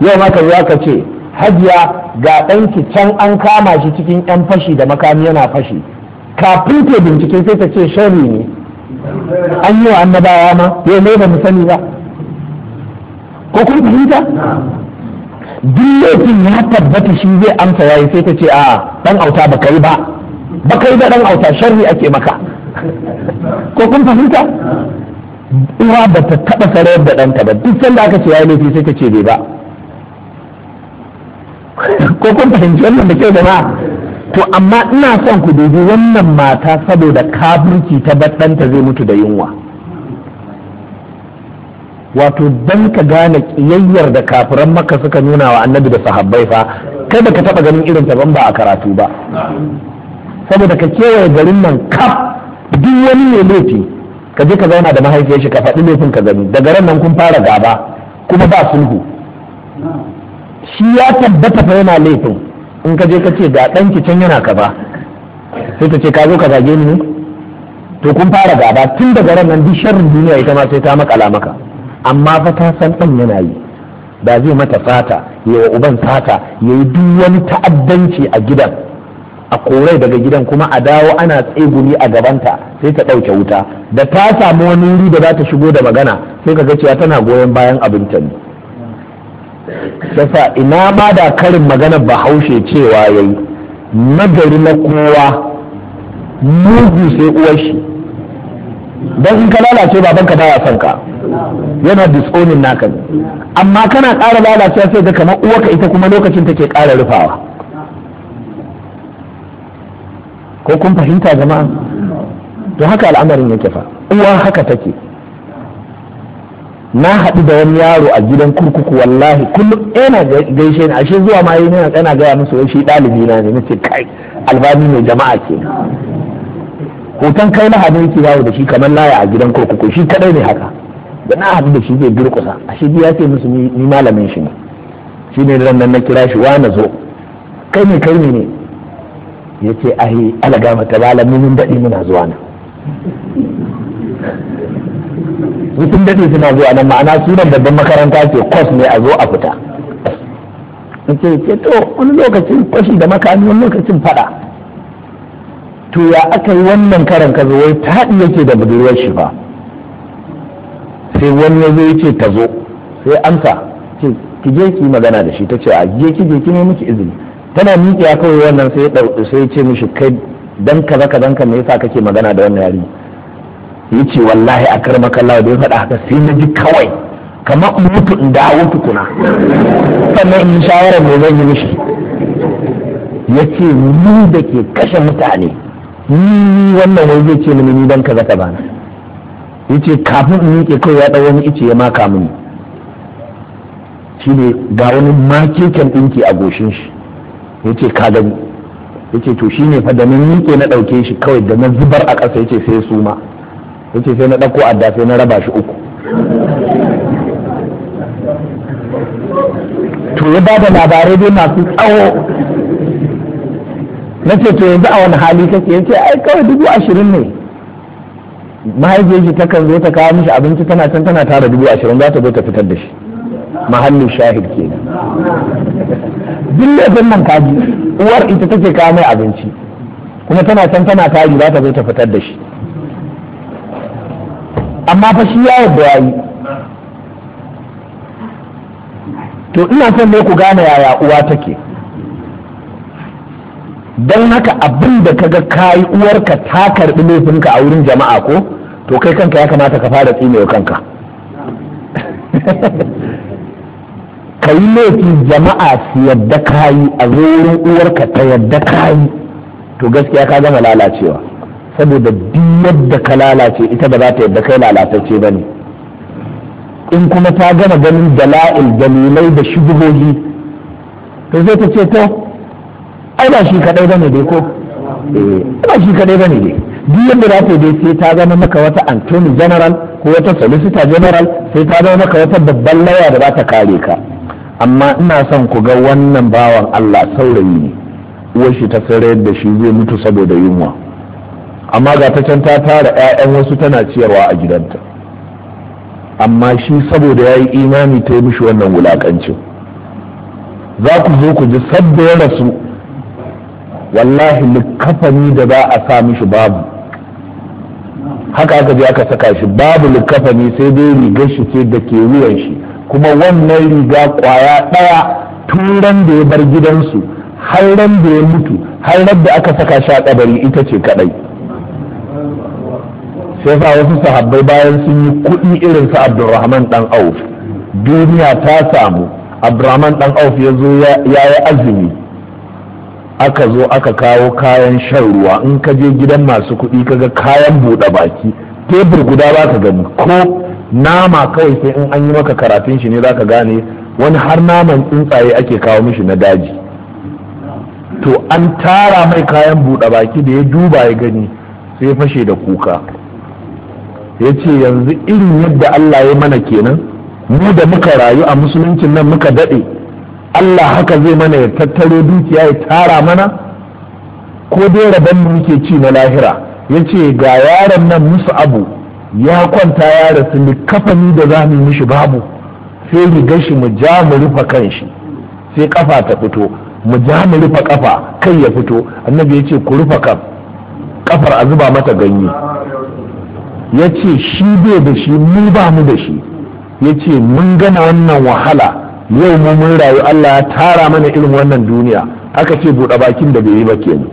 yau maka za ka ce hajiya ga ɗanki can an kama shi cikin 'yan fashi da makami yana fashi kafin ta bincike sai ta ce shari ne an yi wa annabawa ma yau mai ba mu sani ba ko kun fahimta duk lokacin ya tabbata shi zai amsa yayi sai ta ce a dan auta ba kai ba ba kai ba dan auta sharri ake maka ko kun fahimta uwa ba ta taɓa sarayar da ɗanta ba duk sanda aka ce yayi sai ta ce bai ba ko kun fahimci wannan da kyau da ba to amma ina son ku dubi wannan mata saboda kaburki ta ɗanta zai mutu da yunwa wato dan ka gane kiyayyar da kafiran maka suka nuna wa annabi da sahabbai fa kada ka taɓa ganin irin ta ban ba a karatu ba saboda ka kewaye garin nan kaf duk wani ne laifi ka je ka zauna da mahaifiyar shi ka faɗi laifin ka gani daga ran nan kun fara gaba kuma ba sulhu shi ya tabbata fa yana laifin in ka je ka ce ga ki can yana kaza sai ta ce ka zo ka zage ni to kun fara gaba tun daga ran nan duk sharrin duniya ita ma sai ta makala maka amma fa ta san ɗan yana yi ba zai mata fata ya wa uban fata ya yi duk wani ta'addanci a gidan a korai daga gidan kuma a dawo ana tsegumi a gabanta sai ta ɗauke wuta da ta samu wani wuri da za ta shigo da magana sai ka ga cewa tana goyon bayan abin ta ne Sasa ina ma da karin magana bahaushe cewa yayi nagari na kowa mugu sai uwar shi don in ka lalace babanka baya son ka yana disonin naka ne amma kana ƙara lalacewa sai ga kamar uwarka ita kuma lokacin take ƙara rufawa ko kun fahimta jama'a to haka al'amarin yake fa uwa haka take na haɗu da wani yaro a gidan kurkuku wallahi kullum yana gaishe ni ashe zuwa ma yi yana tsana gaya musu wai shi ɗalibi na ne nace kai albani mai jama'a ke hoton kai na haɗu yake yawo da shi kamar laya a gidan kurkuku shi kadai ne haka da na haɗu da shi zai durƙusa ashe ya ce musu ni malamin shi ne shi ne ran nan na kira shi wa na zo kai ne kai ne ya ce ahi ala gama ta mun daɗi muna zuwa nan sun daɗi suna zuwa nan ma'ana sunan babban makaranta ce kwas ne a zo a fita ce ce to wani lokacin kwashi da makami wani lokacin faɗa to ya aka yi wannan karan ka zo wai taɗi yake da budurwar shi ba sai wani ya zo ya ce ta zo sai amsa ce ki je ki magana da shi ta ce a je ki je ki ne miki izini tana miƙiya kawai wannan sai ya sai ce mishi kai dan kaza dan ka me yasa kake magana da wannan yari yace wallahi a karma kallawa da ya faɗa haka sai na ji kawai kamar in mutu in dawo tukuna sannan in shawara me zan yi mishi yace ni da ke kashe mutane ni wannan wai zai ce mini ni dan kaza bana. Ya yace kafin in miƙe kawai ya ɗau wani ice ya maka mini shine ga wani makeken ɗinki a goshin shi yace ka gani yace to shine fa da nan na dauke shi kawai da na zubar a kasa yace sai suma yace sai na dauko adda sai na raba shi uku to ya bada labarai dai masu tsawo na ce to yanzu a wani hali kake yake ai kawai dubu ashirin ne mahaifiyar shi takan zo ta kawo mishi abinci tana can tana tara dubu ashirin za ta zo ta fitar da shi mahallin shahid kenan duk laifin nan kaji uwar ita take kawo mai abinci kuma tana can tana kaji, za ta zo ta fitar da shi amma fa shi ya da yayi to ina son ne ku gane yaya uwa take don haka abin da kaga kayi uwar ka ta karbi laifinka a wurin jama'a ko to kai kanka ya kamata ka fara tsinewa kanka ka yi laifi jama'a su yadda ka yi a zoron uwar uwarka ta yadda ka yi to gaskiya ka gama lalacewa saboda duk yadda ka lalace ita ba za ta yadda kai lalatacce ba ne in kuma ta gama ganin dala'il dalilai da shubuhohi to zai ta ce to ai ba shi ba ne dai ko ai eh, ba shi ba ne dai duk yadda za ta dai sai ta gama maka wata antony general ko wata solicitor general sai ta gama maka wata babban laya da za ta kare ka amma ina son ku ga wannan bawan Allah saurayi ne uwar shi ta sarayar da shi zai mutu saboda yunwa amma ga ta can ta tara 'ya'yan wasu tana ciyarwa a gidanta amma shi saboda ya yi imani ta yi mishi wannan wulakancin za ku zo ku ji sabbin rasu wallahi likafani da za a sa mishi babu haka aka je aka saka shi babu likkafani sai dai rigar shi ce da ke wuyan shi kuma wannan riga kwaya ɗaya tun turan da ya bar gidansu har ran da ya mutu har ran da aka saka shi a kabari ita ce kaɗai. sai fa wasu sahabbai bayan sun yi kuɗi irin su Abdulrahman dan Auf duniya ta samu Abdulrahman dan Auf ya zo ya yi azumi aka zo aka kawo kayan shan ruwa in ka je gidan masu kuɗi kaga kayan buɗe baki tebur guda ba ka gani ko nama kawai sai in an yi maka karatun shi ne za ka gane wani har naman tsuntsaye ake kawo mishi na daji to an tara mai kayan buɗe baki da ya duba ya gani sai ya fashe da kuka ya ce yanzu irin yadda Allah ya mana kenan mu da muka rayu a musuluncin nan muka daɗe Allah haka zai mana ya tattaro dukiya ya tara mana ko dai rabon muke ci na lahira ya ce ga yaron nan musu abu ya kwanta ya rasu kafani da za mu mishi babu sai mu gashi mu ja mu rufe kan shi sai kafa ta fito mu ja mu rufe kafa kai ya fito annabi ya ce ku rufe kan kafar a zuba mata ganye ya ce shi bai da shi mu ba mu da shi ya ce mun gana wannan wahala yau mu mun rayu Allah ya tara mana irin wannan duniya aka ce buɗe bakin da bai yi ba kenan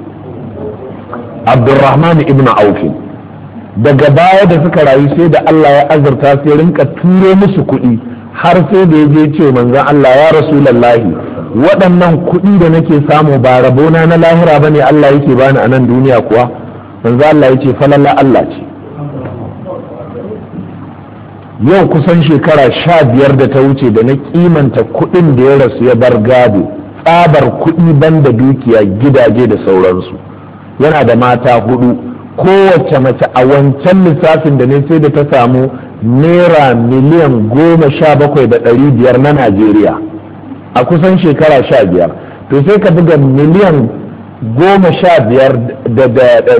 abdurrahman ibn aufi daga baya da suka rayu sai da Allah ya azurta sai rinka turo musu kuɗi har sai da ya je ce manzo Allah ya rasulullahi waɗannan kuɗi da nake samu ba rabona na lahira bane Allah yake bani a nan duniya kuwa manzo Allah yace falalla Allah ce yau kusan shekara sha biyar da ta wuce da na kimanta kuɗin da ya rasu ya bar gado tsabar kuɗi banda dukiya gidaje da sauransu yana da mata hudu kowace mace a wancan lissafin da ne sai da ta samu naira miliyan goma sha bakwai da ɗari biyar na najeriya a kusan shekara sha biyar to sai ka buga miliyan goma sha biyar da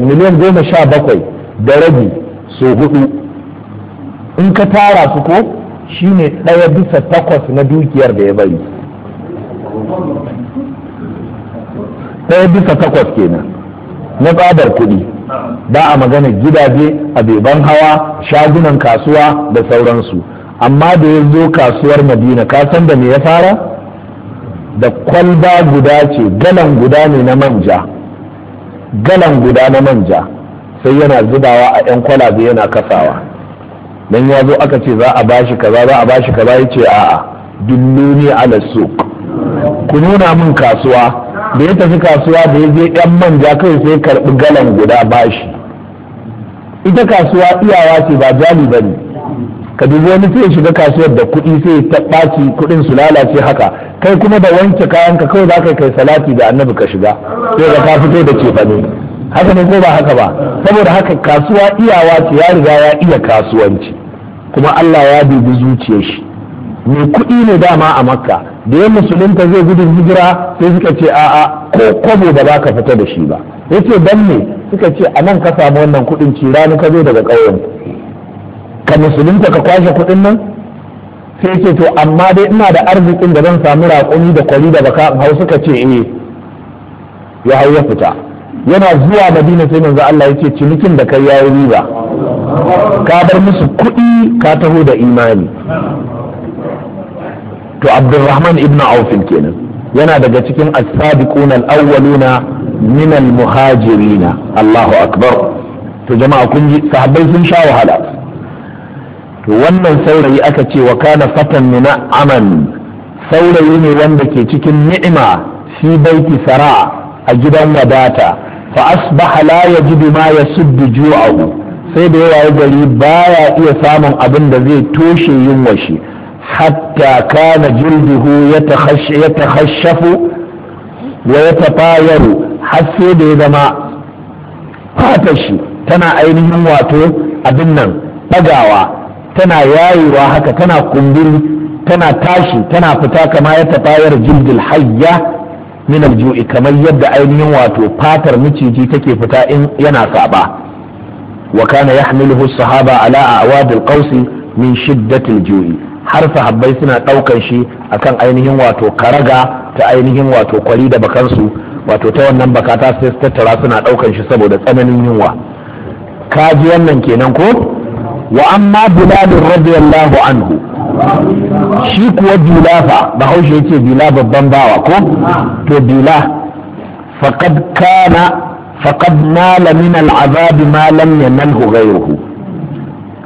miliyan goma sha bakwai da rabi so hudu in ka tara su ko shine ɗaya bisa takwas na dukiyar da ya bari ɗaya bisa takwas kenan na tsadar kuɗi ba a magana gidaje beban hawa shagunan kasuwa da sauransu amma da ya zo kasuwar madina ka san da me ya fara da kwalba guda ce galan guda ne na manja galan guda na manja sai yana zubawa a 'yan kwalabe yana kasawa Don ya zo aka ce za a bashi kaza za a bashi kaza ya ce a'a dulluni ala suk ku nuna min kasuwa da ya tafi kasuwa da ya je 'yan manja kai sai karɓi galan guda bashi ita kasuwa iyawa ce ba jali ba ne ka dubi wani sai shiga kasuwar da kuɗi sai ta ɓaci kuɗin su lalace haka kai kuma da wanke kayan ka kawai za ka kai salati da annabi ka shiga sai ka ka fito da cefane haka ne ko ba haka ba saboda haka kasuwa iyawa ce ya riga ya iya kasuwanci kuma Allah ya dubi zuciyar shi mai kuɗi ne dama a makka da ya musulunta zai gudun hijira sai suka ce a'a ko kwabo ba za ka fita da shi ba Ya ce dan ne suka ce a nan ka samu wannan kuɗin ci rani ka zo daga ƙauyen ka musulunta ka kwashe kuɗin nan sai ce to amma dai ina da arzikin da zan samu raƙumi da kwari da baka hau suka ce eh ya hau ya fita yana zuwa madina sai yanzu Allah ya ce cinikin da kai yayi riba ka bar musu kuɗi ka taho da imani to abdurrahman ibn aufin kenan yana daga cikin as-sabiquna al-awwaluna min al-muhajirina Allahu akbar to jama'a kun ji sahabbai sun sha wahala to wannan saurayi aka ce wa kana fatan min aman saurayi ne wanda ke cikin ni'ima fi baiti sara a gidan wadata fa asbaha la yajidu ma yasuddu ju'ahu sai da yawa gari baya iya samun abin da zai toshe yunwa shi hatta kana jilduhu ya takhashafu wa ya tafayaru har sai da ya zama fatar shi tana ainihin wato abin nan ɗagawa tana yayewa haka tana kumburi tana tashi tana fita kama ya tafayar jildil hayya min kamar yadda ainihin wato fatar miciji take fita in yana saɓa wa kana yahmiluhu sahaba ala awadil qausi min shiddatil ju'i har sahabbai suna ɗaukan shi akan ainihin wato karaga ta ainihin wato kwari da bakansu wato ta wannan bakata sai su tattara suna ɗaukan shi saboda tsananin yunwa ka ji wannan kenan ko wa amma bilalin radiyallahu anhu shi kuwa bila fa bahaushe yake bila babban bawa ko to bila faqad kana faqad nala min al'azab ma lam yanalhu ghayruhu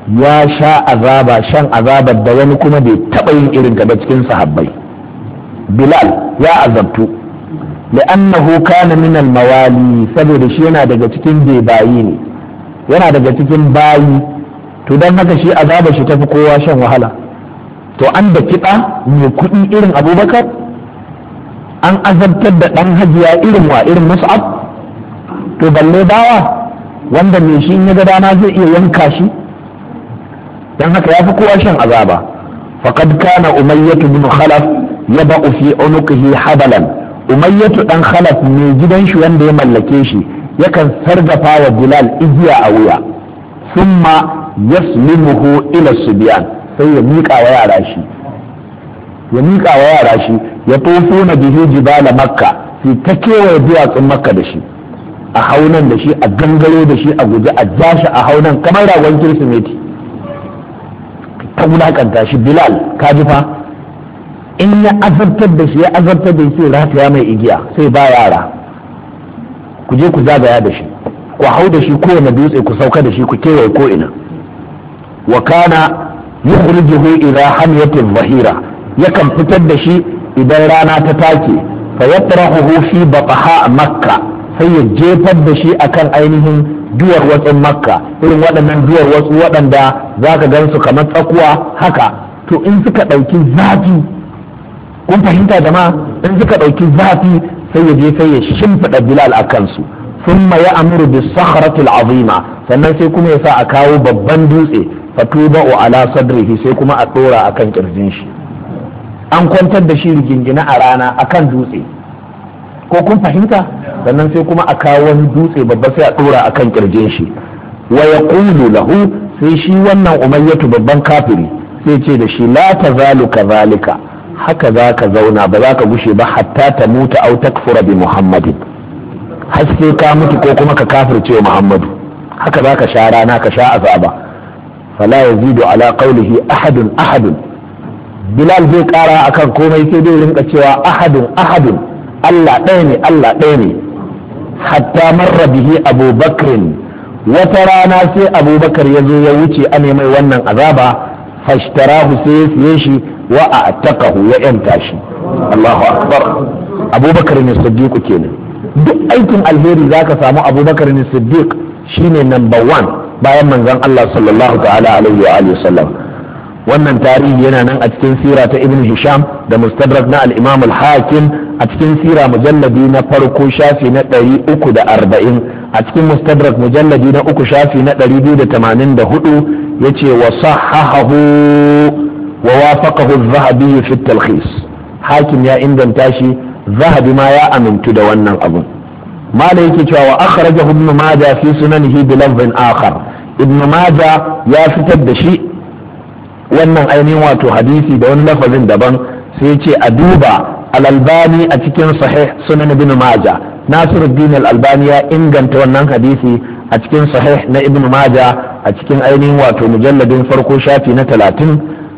ya sha azaba shan azabar da wani kuma bai taɓa yin irin ka ba cikin sahabbai bilal ya azabtu li'annahu kana min al-mawali saboda shi yana daga cikin bebayi ne yana daga cikin bayi to dan haka shi azaba shi tafi kowa shan wahala to an da kiɗa mai kuɗi irin abubakar an azabtar da ɗan hajiya irin wa irin mus'ab to balle bawa wanda mai shi in ya ga dama zai iya yanka shi dan haka ya fi kowa shan azaba faqad kana umayyatu bin khalaf yaba'u fi unuqihi habalan umayyatu dan khalaf mai gidan shi wanda ya mallake shi yakan sargafa wa bilal igiya a wuya summa yaslimuhu ila subyan sai ya mika wa yara shi ya miƙa wa yara shi ya tofo na bihi jibala makka sai ta kewaye duwatsun makka da shi a haunan da shi a gangaro da shi a guji a jashi a haunan kamar ragon kirsimeti ta wulakanta shi bilal ka ji fa in ya azabtar da shi ya azabtar da shi sai ya mai igiya sai ba yara ku je ku zagaya da shi ku hau da shi kowane dutse ku sauka da shi ku kewaye ko ina wa kana yukhrijuhu ila hamyati zahira yakan fitar da shi idan rana ta take fa yatrahuhu fi bataha makka sai ya jefar da shi akan ainihin duwar watsin makka irin waɗannan duwar wasu waɗanda za ka gan su kamar tsakuwa haka to in suka ɗauki zafi kun fahimta ma in suka ɗauki zafi sai ya je sai ya shimfiɗa bilal a kansu ثم يأمر بالصخرة azima sannan sai kuma ya sa a kawo babban dutse fatuba wa ala sadrihi sai kuma a ɗora akan ƙirjin shi an kwantar da shi rigingina a rana akan dutse ko kun fahimta sannan sai kuma a kawo wani dutse babba sai a dora akan kirjin shi wa yaqulu lahu sai shi wannan umayyatu babban kafiri sai ce da shi la tazalu zalika haka za ka zauna ba za ka gushe ba hatta ta mutu au takfura bi muhammadin har sai ka mutu ko kuma ka kafirce wa muhammadu haka za ka sha rana ka sha azaba fala yazidu ala qawlihi ahadun ahadun bilal zai kara akan komai sai dai rinka cewa ahadun ahadun Allah ɗaya ne Allah ɗaya ne hatta marra bihi abubakrin wata rana sai abubakar ya zo ya wuce a mai wannan azaba fashtarahu sai ya siye shi wa a takahu ya yanta shi Allahu akbar abubakar ne siddiqu kenan duk aikin alheri zaka samu abubakar ne siddiq shine number one bayan manzon Allah sallallahu ta'ala alaihi wa alihi wannan tarihi yana nan a cikin sira ta ibn hisham da mustadrak na al-imam al-hakim a cikin sira mujalladi na farko shafi na ɗari uku da arba'in a cikin mustadrak mujalladi na uku shafi na ɗari biyu da tamanin da hudu ya ce wa sahahahu wa zahabi fi talhis hakim ya inganta shi zahabi ma ya amintu da wannan abu mala yake cewa wa akhrajahu ibn majah fi sunanihi bi lafzin akhar ibn majah ya fitar da shi wannan ainihin wato hadisi da wani lafazin daban sai ce a duba al a cikin sahih sunan ibn maja nasiruddin al-albani ya inganta wannan hadisi a cikin sahi na ibn maja a cikin ainihin wato mujalladin farko shafi na talatin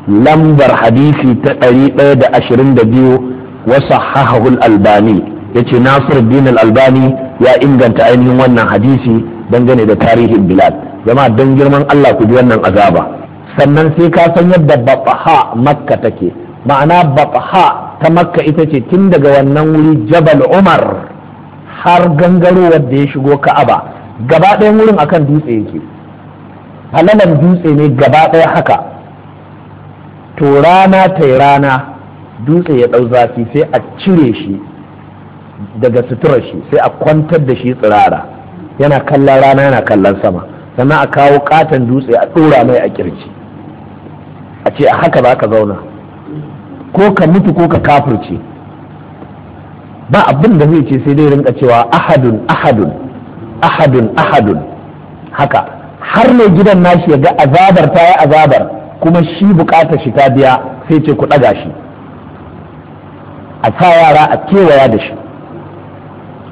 lambar hadisi ta ɗari ɗaya da ashirin da biyu wasa hahahul albani ya ce nasiruddin al-albani ya inganta ainihin wannan hadisi dangane da tarihin bilal jama'a don girman allah ku ji wannan azaba sannan sai ka san yadda bafaha makka take ma'ana bafaha ta makka ita ce tun daga wannan wuri jabal umar har gangarowar da ya shigo ka'aba gaba ɗayan wurin akan dutse yake halalan dutse ne gaba ɗaya haka to rana ta rana dutse ya ɗau zafi sai a cire shi daga suturar shi sai a kwantar da shi tsirara yana kallon rana yana kallon sama sannan a kawo katon dutse a ɗora mai a kirji a ce a haka za ka zauna ko ka mutu ko ka kafirce ba abin da zai ce sai dai rinka cewa ahadun ahadun ahadun ahadun haka har mai gidan nashi ya ga azabar ta yi azabar kuma shi bukatar shi ta biya sai ce ku ɗaga shi a sa yara a kewaya da shi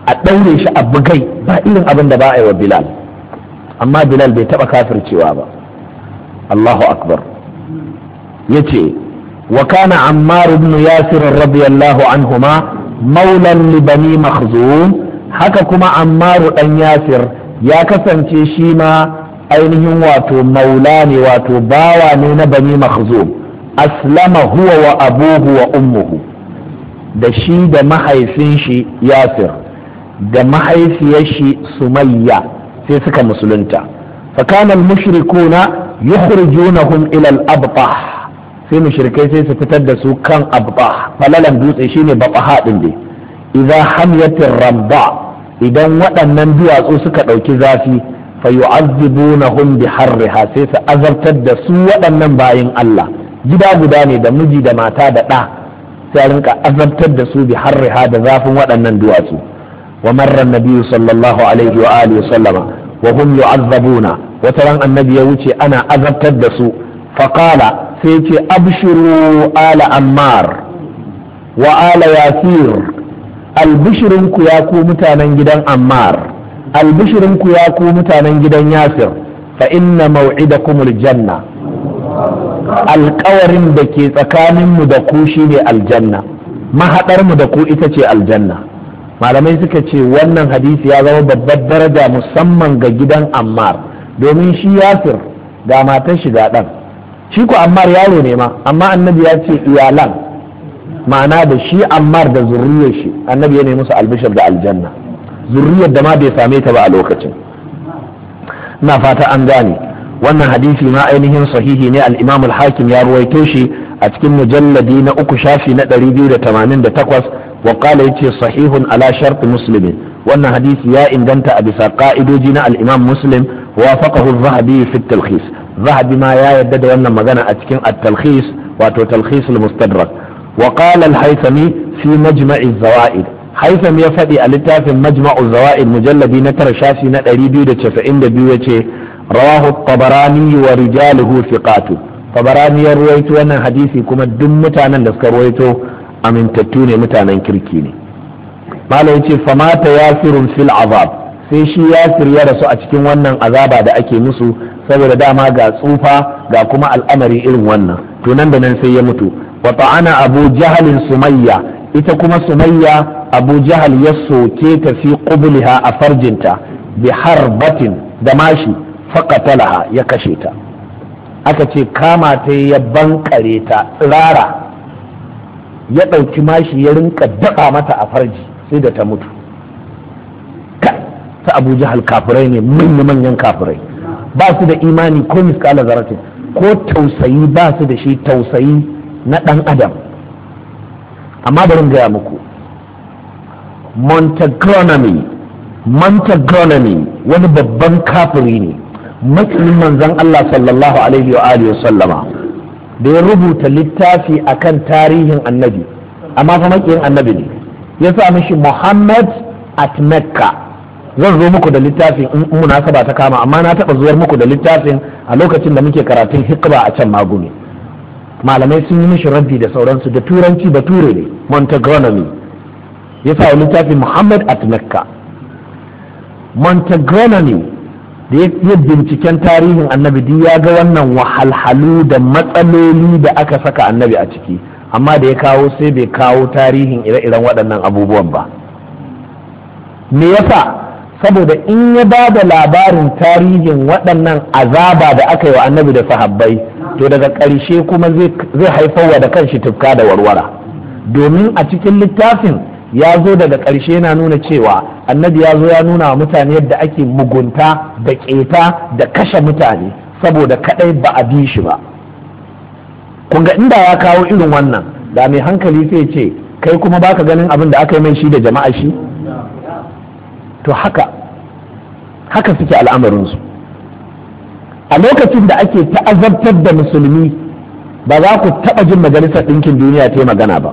a ɗaure shi a bugai ba irin abin da ba a yi wa bilal amma bilal bai taɓa kafircewa ba allahu akbar ya ce وكان عمار بن ياسر رضي الله عنهما مولا لبني مخزوم haka kuma ammaru ɗan yasir ya kasance shi ma ainihin wato maula ne wato bawa ne na bani makhzum aslama huwa wa abuhu wa ummuhu da shi da mahaifin shi yasir da mahaifiyar shi sumayya sai suka musulunta mushrikuna المشركون يخرجونهم ilal الأبطح sai mushrikai sai su fitar da su kan abba falalan dutse shine baba haɗin dai idza hamyatir ramba idan waɗannan duwatsu suka ɗauki zafi fa yu'azzibunahum bi harriha sai su azabtar da su waɗannan bayin Allah gida guda ne da miji da mata da ɗa sai rinka azabtar da su bi harriha da zafin waɗannan duwatsu wa marra nabiyyu sallallahu alaihi wa alihi wa sallama wa hum yu'azzabuna wataran annabi ya wuce ana azabtar da su faƙala sai ce abshiru ala ammar wa ala yasir albishirinku ya ku mutanen gidan ammar albishirinku ya ku mutanen gidan yasir fa inna kumul janna alkawarin da ke tsakaninmu da ku shine aljanna mahaɗarmu da ku ita ce aljanna malamai suka ce wannan hadisi ya zama babbar daraja musamman ga gidan ammar domin shi yasir ga matar shi ga ɗan shi ko ammar yaro ne ma amma annabi ya ce iyalan ma'ana da shi ammar da zurriyar shi annabi ya nemi su albishir da aljanna zurriyar da ma bai same ta ba a lokacin na fata an gane wannan hadisi ma ainihin sahihi ne al-imam al-hakim ya ruwaito shi a cikin mujalladi na uku shafi na 288 wa qala yace sahihun ala shart muslimin wannan hadisi ya inganta a bisa ka'idoji na al-imam muslim wa faqahu az-zahabi fi at zahabi ma ya yarda da wannan magana a cikin at-talkhis wato talkhis al-mustadrak wa qala al-haythami fi majma'i zawaid haythami ya faɗi a littafin majma'u zawaid mujalladi na tara shafi na 292 yace rawahu tabarani wa rijaluhu thiqatu tabarani ya ruwaito wannan hadisi kuma duk mutanen da suka ruwaito amintattu ne mutanen kirki ne malam yace famata yasirun fil azab sai shi yasir ya rasu a cikin wannan azaba da ake musu saboda dama ga tsufa ga kuma al'amari irin wannan to nan da nan sai ya mutu wa ta'ana abu jahalin sumayya ita kuma sumayya abu jahal ya soke ta fi qubliha a farjinta bi harbatin da mashi faqatalaha ya kashe ta aka ce kama ta ya bankare ta tsirara ya ɗauki mashi ya rinka daɓa mata a farji sai da ta mutu ta abu jahal kafirai ne manya-manyan kafirai ba su da imani ko miskala zaratin ko tausayi ba su da shi tausayi na ɗan adam amma bari gaya muku montagronomy montagronomy wani babban kafiri ne makiyin manzon Allah sallallahu alaihi wa alihi sallama da ya rubuta littafi akan tarihin annabi amma fa makiyin annabi ne ya sa mishi Muhammad at Mecca zan zo muku da littafin in munasaba ta kama amma na taɓa zuwar muku da littafin a lokacin da muke karatun hikba a can magumi malamai sun yi mishi rabbi da sauransu da turanci ture ne montegronomy ya sa wa littafin muhammad at mecca montegronomy da ya binciken tarihin annabi duk ya ga wannan wahalhalu da matsaloli da aka saka annabi a ciki amma da ya kawo sai bai kawo tarihin ire-iren waɗannan abubuwan ba me yasa saboda in ya ba da labarin tarihin waɗannan azaba da aka yi wa annabi da sahabbai to daga ƙarshe kuma zai haifarwa da kanshi tufka da warwara domin a cikin littafin ya zo daga ƙarshe yana nuna cewa annabi ya zo ya nuna wa mutane yadda ake mugunta da ƙeta da kashe mutane saboda kaɗai ba a bi shi ba kun ga inda ya kawo irin wannan da mai hankali sai ce kai kuma baka ganin abin da aka yi mai shi da jama'a shi to haka haka suke al'amarinsu a lokacin da ake azabtar da musulmi ba za ku taɓa jin majalisar ɗinkin duniya ta yi magana ba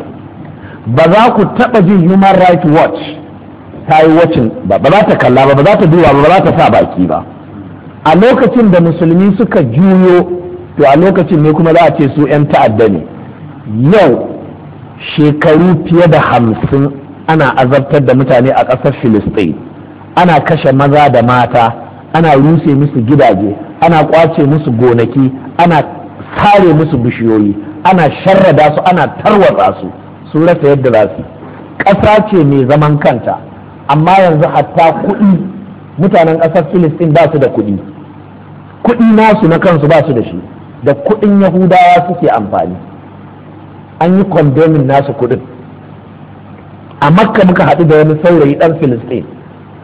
ba za ku taɓa jin human rights watch ta yi watchin ba ba za ta kalla ba ba za ta duba ba ba za ta sa baki ba a lokacin da musulmi suka juyo to a lokacin ne kuma za a ce su 'yan ta'adda ne yau shekaru fiye da hamsin ana azabtar da mutane a ƙasar filistin ana kashe maza da mata ana ruse musu gidaje ana kwace musu gonaki ana sare musu bishiyoyi ana sharrada su ana tarwatsa su su rasa yadda za su ƙasa ce mai zaman kanta amma yanzu hatta kuɗi mutanen ƙasar filistin ba su da kuɗi kuɗi nasu na kansu ba su da shi da kuɗin yahudawa suke amfani an yi kwandomin nasu kuɗin a makka muka haɗu da wani saurayi ɗan filistin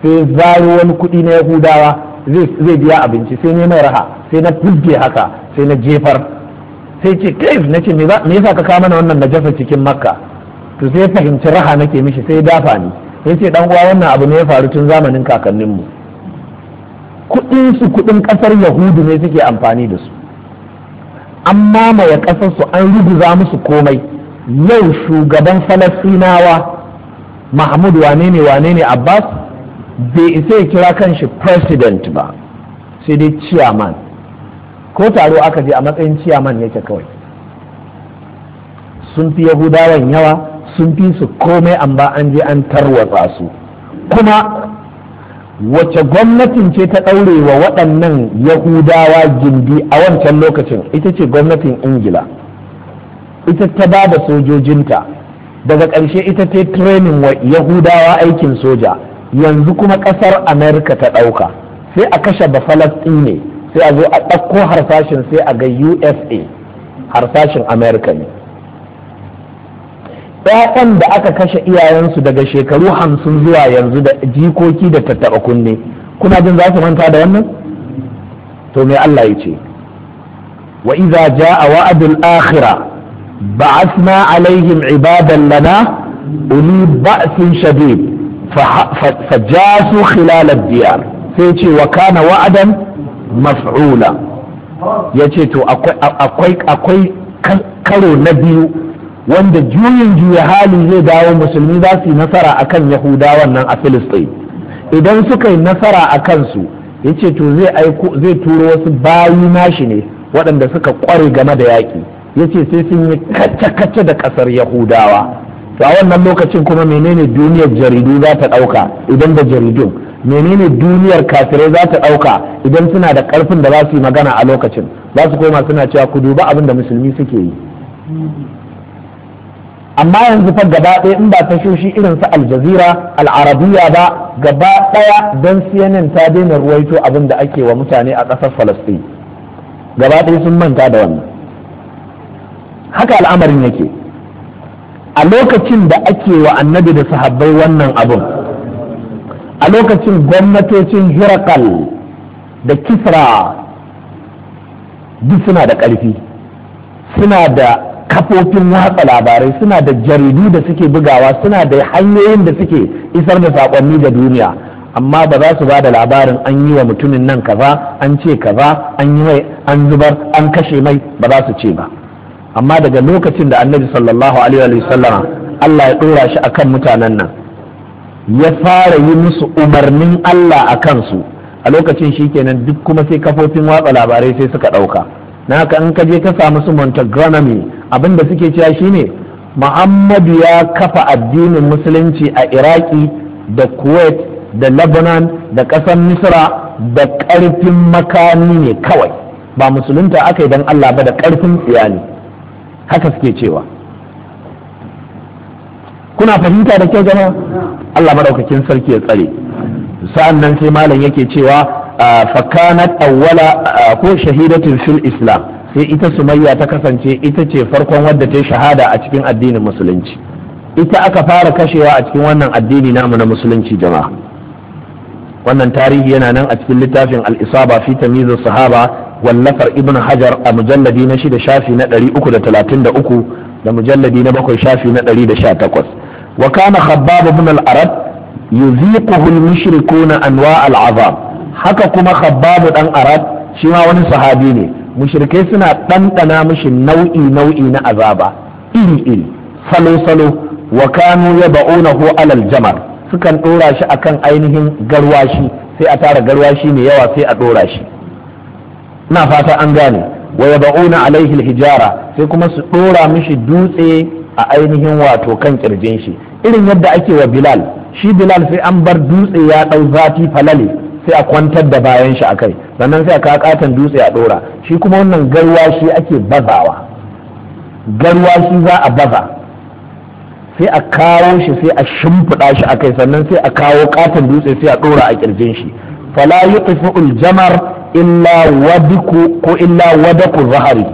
sai zaro wani kuɗi na yahudawa zai biya abinci sai ne raha sai na fuske haka sai na jefar sai ce kai na ce me yasa ka kama na wannan najasa cikin makka to sai fahimci raha nake mishi sai dafa ni sai ce dan uwa wannan abu ne ya faru tun zamanin kakannin mu kuɗin su kuɗin ƙasar yahudu ne suke amfani da su an mamaye ƙasar su an ruguza musu komai yau shugaban falastinawa mahmud wane ne wane ne abbas bai isa ya kira kanshi president ba sai dai chairman ko taro aka je a matsayin chairman yake kawai sun fi yahudawan yawa sun fi su komai an ba an je an tarwatsa su kuma wace gwamnatin ce ta ɗaure wa waɗannan yahudawa gindi a wancan lokacin ita ce gwamnatin ingila ita ta ba da sojojinta daga ƙarshe ita ta training wa yahudawa aikin soja yanzu kuma ƙasar amerika ta ɗauka sai a kashe ne sai a zo a ɗauko harsashin sai a ga usa harsashin amerika ne ‘ya'yan da aka kashe iyayensu daga shekaru hamsin zuwa yanzu da jikoki da tattaɓa kunne kuna jin za su manta da wannan to me Allah ya ce wa iza ja'a wa'adul akhira ba'athna alaihim ibadan lana uli ba'sin shadid fajasu khilalad diyar sai ce wa kana wa'adan maf'ula yace to akwai akwai karo na biyu wanda juyin juya hali zai dawo musulmi za su yi nasara akan yahudawan nan a filistin idan suka yi nasara a kansu yace to zai zai turo wasu bayi nashi ne waɗanda suka ƙware game da yaƙi yace sai sun yi kacce-kacce da ƙasar yahudawa to a wannan lokacin kuma menene duniyar jaridu za ta ɗauka idan da jaridun menene duniyar kafirai za ta ɗauka idan suna da ƙarfin da za su yi magana a lokacin za su koma suna cewa ku duba abin da musulmi suke yi amma yanzu fa gaba ɗaya in ba tashoshi irin su aljazira al'arabiya ba gaba ɗaya don cnn ta daina ruwaito abin da ake wa mutane a ƙasar falastin gaba ɗaya sun manta da wannan haka al'amarin yake a lokacin da ake wa annabi da sahabbai wannan abun a lokacin gwamnatocin hirakal da kisra duk suna da ƙarfi suna da kafofin watsa labarai suna da jaridu da suke bugawa suna da hanyoyin da suke isar da saƙonni ga duniya amma ba za su ba da labarin an yi wa mutumin nan kaza an ce kaza an yi mai an zubar an kashe mai ba za su ce ba amma daga lokacin da annabi sallallahu alaihi wasallama Allah ya ɗora shi akan mutanen nan ya fara yi musu umarnin Allah a kansu a lokacin shikenan duk kuma sai kafofin watsa labarai sai suka ɗauka na haka in ka je ka samu su montagonomy Abinda da suke cewa shine muhammadu ya kafa addinin musulunci a iraki da kuwait da lebanon da ƙasar misra da ƙarfin makami ne kawai ba musulunta aka yi don allah ba da ƙarfin tsiyani. haka suke cewa kuna fahimta da kyau jama'a Allah madaukakin sarki ya tsare sa'an nan sai malam yake cewa fakanat awwala ko shahidatin fil islam sai ita sumayya ta kasance ita ce farkon wadda ta shahada a cikin addinin musulunci ita aka fara kashewa a cikin wannan addini namu na musulunci jama'a wannan tarihi yana nan a cikin littafin al-isaba fi tamyiz sahaba wallafar ibn hajar a mujalladi na shida shafi na ɗari uku da talatin da uku da mujalladi na bakwai shafi na ɗari da sha takwas wa kana khabbab ibn al-arab yuziquhu al-mushrikuna anwa al-azab haka kuma khabbab dan arab shi ma wani sahabi ne mushrikai suna ɗanɗana mishi nau'i nau'i na azaba iri iri salo salo wa kanu yab'unahu alal jamar sukan ɗora shi akan ainihin garwashi sai a tara garwashi mai yawa sai a ɗora shi na fata an gane wa yab'una alaihi alhijara sai kuma su ɗora mishi dutse a ainihin wato kan kirjin shi irin yadda ake wa bilal shi bilal sai an bar dutse ya ɗau zafi falale sai a kwantar da bayan shi akai sannan sai a kakatan dutse a ɗora shi kuma wannan garwa shi ake bazawa garwa shi za a baza sai a kawo shi sai a shimfiɗa shi akai sannan sai a kawo katon dutse sai a ɗora a kirjin shi fala yuqfu jamar illa wadiku ko illa wadaku zahari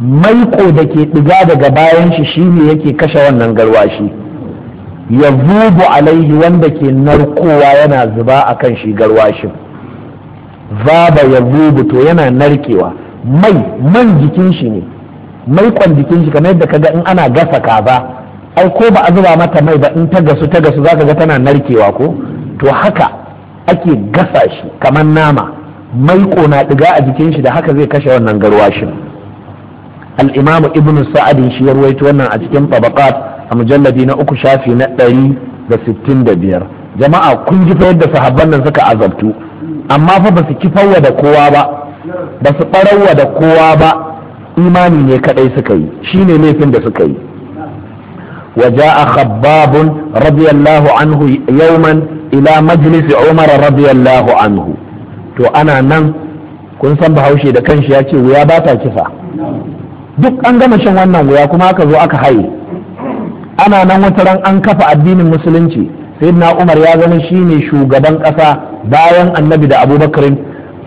maiko da ke ɗiga daga bayan shi shine yake kashe wannan garwashi ya zubu alaihi wanda ke narkowa yana zuba a kan shi garwashin zaba ya zubu to yana narkewa mai man jikin shi ne maikon jikin shi kamar yadda kaga in ana gasa kaza ai ko ba a zuba mata mai ba in ta gasu ta gasu zaka ga tana narkewa ko to haka ake gasa shi kamar nama maiko na ɗiga a jikin shi da haka zai kashe wannan garwashin al-imamu ibn sa'adin shi ya ruwaito wannan a cikin tabaqat a mujalladi na uku shafi na ɗari da sittin da biyar jama'a kun ji da yadda sahabban nan suka azabtu amma fa ba su kifarwa da kowa ba ba su ɓararwa da kowa ba imani ne kaɗai suka yi shine laifin da suka yi وجاء خباب رضي الله عنه يوما إلى مجلس عمر رضي الله to ana nan kun san bahaushe da kanshi ya ce wuya ba ta kisa duk an gama shan wannan wuya kuma aka zo aka haye ana nan wata ran an kafa addinin musulunci na umar ya zama shi ne shugaban ƙasa bayan annabi da abubakar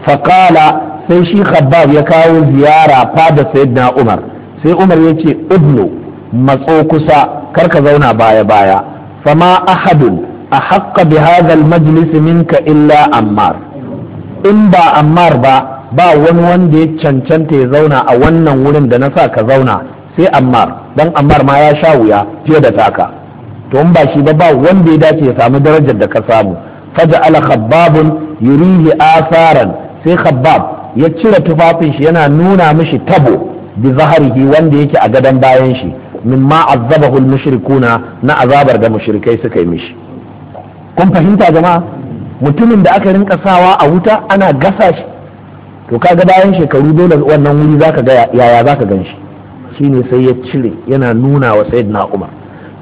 faƙala sai shi khabbab ya kawo ziyara fada na umar sai umar ya ce ibnu matso kusa kar ka zauna baya baya fama ahadun a haƙƙa bi hadha minka illa ammar in ba ammar ba ba wani wanda ya cancanta ya zauna a wannan wurin da na sa ka zauna sai ammar don ammar ma ya sha wuya fiye da taka to in ba shi ba ba wanda ya dace ya samu darajar da ka samu ala khabbabun yurihi asaran sai khabbab ya cire tufafin shi yana nuna mishi tabo bi zaharihi wanda yake a gadon bayan shi ma azzabahu al-mushrikuna na azabar da mushrikai suka yi mishi kun fahimta jama'a mutumin da aka rinka sawa a wuta ana gasa shi to kaga bayan shekaru dole wannan wuri zaka ga yaya zaka gan shi shine sai ya cire yana nuna wa sayyidina umar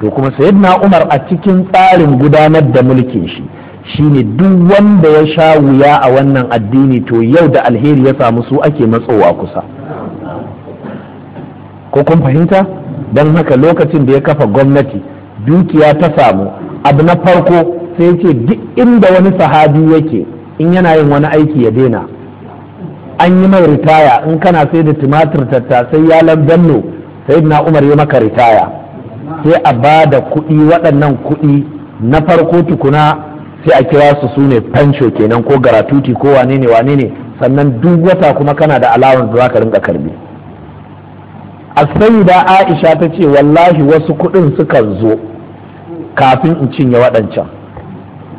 to kuma sayyidina umar a cikin tsarin gudanar da mulkin shi shine duk wanda ya sha wuya a wannan addini to yau da alheri ya samu su ake matsowa kusa ko kun fahimta don haka lokacin da ya kafa gwamnati dukiya ta samu abu na farko sai ya ce duk inda wani sahabi yake in yana yin wani aiki ya daina an yi mai ritaya in kana sai da tumatir tattasai ya lambanno sai na umar ya maka ritaya sai a ba da kuɗi waɗannan kuɗi na farko tukuna sai a kira su su ne fansho kenan ko garatuti ko wane ne wane ne sannan duk wata kuma kana da alawar da ka rinka karbi da aisha ta ce wallahi wasu kuɗin sukan zo kafin in cinye waɗancan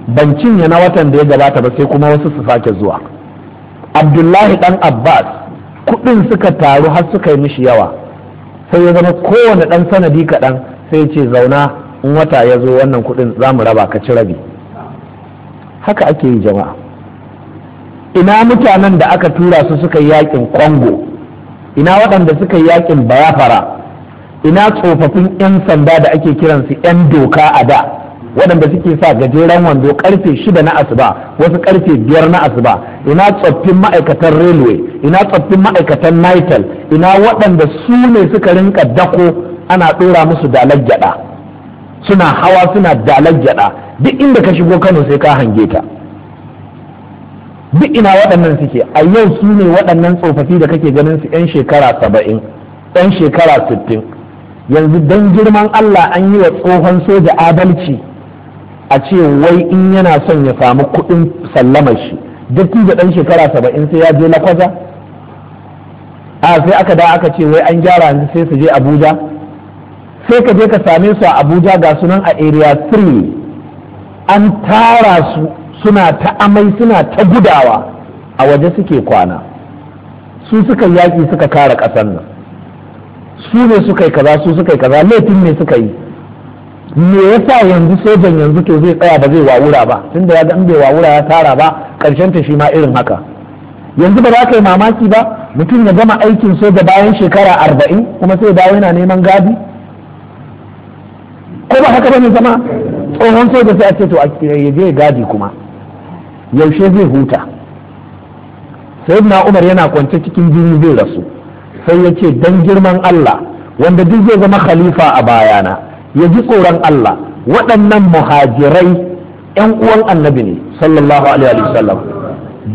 ban cinye na watan da ya gabata ba sai kuma wasu su sake zuwa abdullahi dan abbas kudin suka taru har suka yi mishi yawa sai ya zama kowane dan sanadi kaɗan sai ya ce zauna in wata ya zo wannan kudin za mu raba ka ci rabi haka ake yi jama'a ina mutanen da aka tura su suka yi yakin kongo ina waɗanda suka yi yakin bayafara ina tsofaffin 'yan sanda da ake kiransu 'yan doka a da waɗanda suke sa gajeren wando karfe shida na asuba wasu karfe biyar na asuba ina tsoffin ma'aikatan railway ina tsoffin ma'aikatan nitel ina waɗanda su ne suka rinka dako ana ɗora musu dalar gyaɗa suna hawa suna dalar gyaɗa duk inda ka shigo kano sai ka hange ta duk ina waɗannan suke a yau su ne waɗannan tsofaffi da kake ganin su 'yan shekara saba'in 'yan shekara sittin yanzu don girman allah an yi wa tsohon soja adalci a ce wai in yana son ya samu kuɗin sallamar shi duk da ɗan shekara saba'in sai ya je na kwaza a sai aka da aka ce wai an gyara yanzu sai su je abuja sai ka je ka same su a abuja ga sunan a area 3 an tara su suna ta amai suna ta gudawa a waje suke kwana su suka yaƙi suka kare ƙasar nan su ne suka yi kaza su suka yi kaza laifin ne suka yi me yasa yanzu sojan yanzu to zai tsaya ba zai wawura ba tunda ya ga in bai wawura ya tara ba karshen ta shi ma irin haka yanzu ba za ka yi mamaki ba mutum ya gama aikin soja bayan shekara arba'in kuma sai dawo yana neman gadi ko ba haka bane zama tsohon soja sai a ce to a ya je gadi kuma yaushe zai huta na umar yana kwance cikin jini zai rasu sai ya ce dan girman allah wanda duk zai zama khalifa a bayana ya ji tsoron Allah waɗannan muhajirai 'yan uwan annabi ne sallallahu alaihi wasallam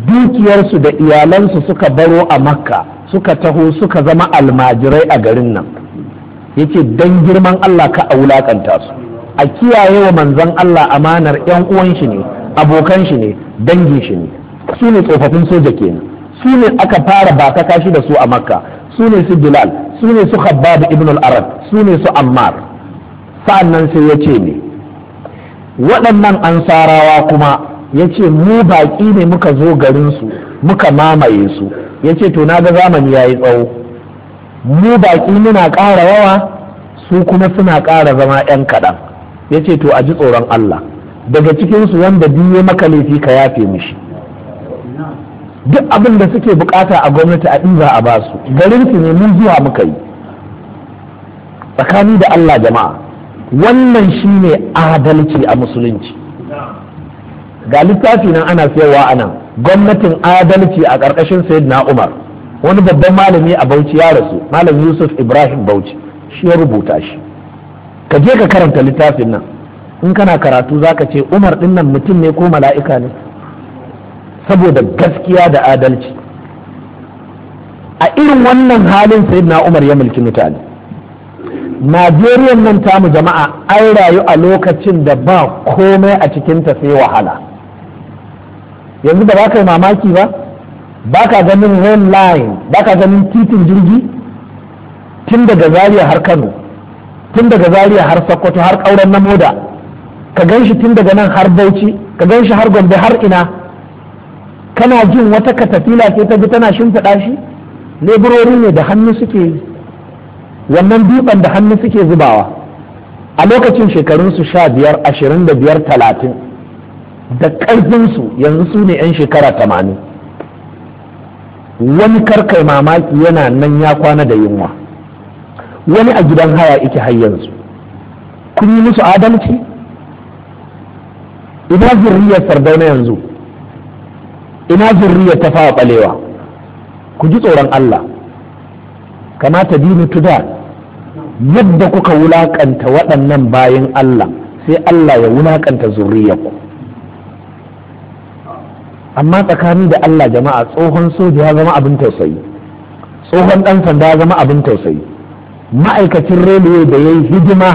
dukiyarsu da iyalansu suka baro a makka suka taho suka zama almajirai a garin nan yake dan girman Allah ka a wulakanta su a kiyaye wa manzon Allah amanar 'yan uwan shi ne abokan shi ne dangin shi ne su ne tsofaffin soja kenan su ne aka fara ba kashi da su a makka su ne su bilal su ne su habbab ibn al-arab su ne su ammar nan sai ya ce ne waɗannan ansarawa kuma ya ce mu baƙi ne muka zo garinsu muka mamaye su ya ce to na ga zamani ya yi tsawo mu baƙi muna ƙara yawa su kuma suna ƙara zama 'yan kaɗan ya ce to a ji tsoron Allah daga cikinsu wanda biye maka laifi ka yafe mishi duk abin da suke bukata a gwamnati a ɗiba a basu garinsu ne mun zuwa muka yi tsakani da Allah jama'a wannan shine adalci a musulunci ga littafi nan ana sayarwa nan. gwamnatin adalci a ƙarƙashin sayyidina umar wani babban malami a bauchi ya rasu malam yusuf ibrahim bauchi shi ya rubuta shi ka je ka karanta littafin nan in kana karatu za ka ce umar din nan mutum ne ko mala'ika ne saboda gaskiya da adalci a irin wannan halin sayyidina umar ya mulki mutane najeriyan nan tamu jama'a an rayu a lokacin da ba komai a cikin ta sai wahala yanzu ba kai yi mamaki ba ba ka ganin rain line ba ka ganin titin jirgi tun daga zaria har kano tun daga zaria har sokoto har ƙauren na moda ka gan shi tun daga nan har bauchi ka gan shi har gombe har ina kana jin wata katafila ce ta bi tana shimfiɗa shi leburori ne da hannu suke wannan dutsen da hannu suke zubawa a lokacin shekarunsu sha biyar ashirin da biyar talatin da su yanzu su ne 'yan shekara tamanin wani karkai mamaki yana nan ya kwana da yunwa wani a gidan haya ike har yanzu kun yi musu adalci ina zurriyar na yanzu ina zurriyar ta fawa ɓalewa. ku ji tsoron allah kamata dinu tuda yadda kuka wulaƙanta waɗannan bayan Allah sai Allah ya wulakanta zuriyarku amma tsakanin da Allah jama'a tsohon soja ya zama abin tausayi tsohon ɗan sanda ya zama abin tausayi ma'aikacin rediyo da ya yi hidima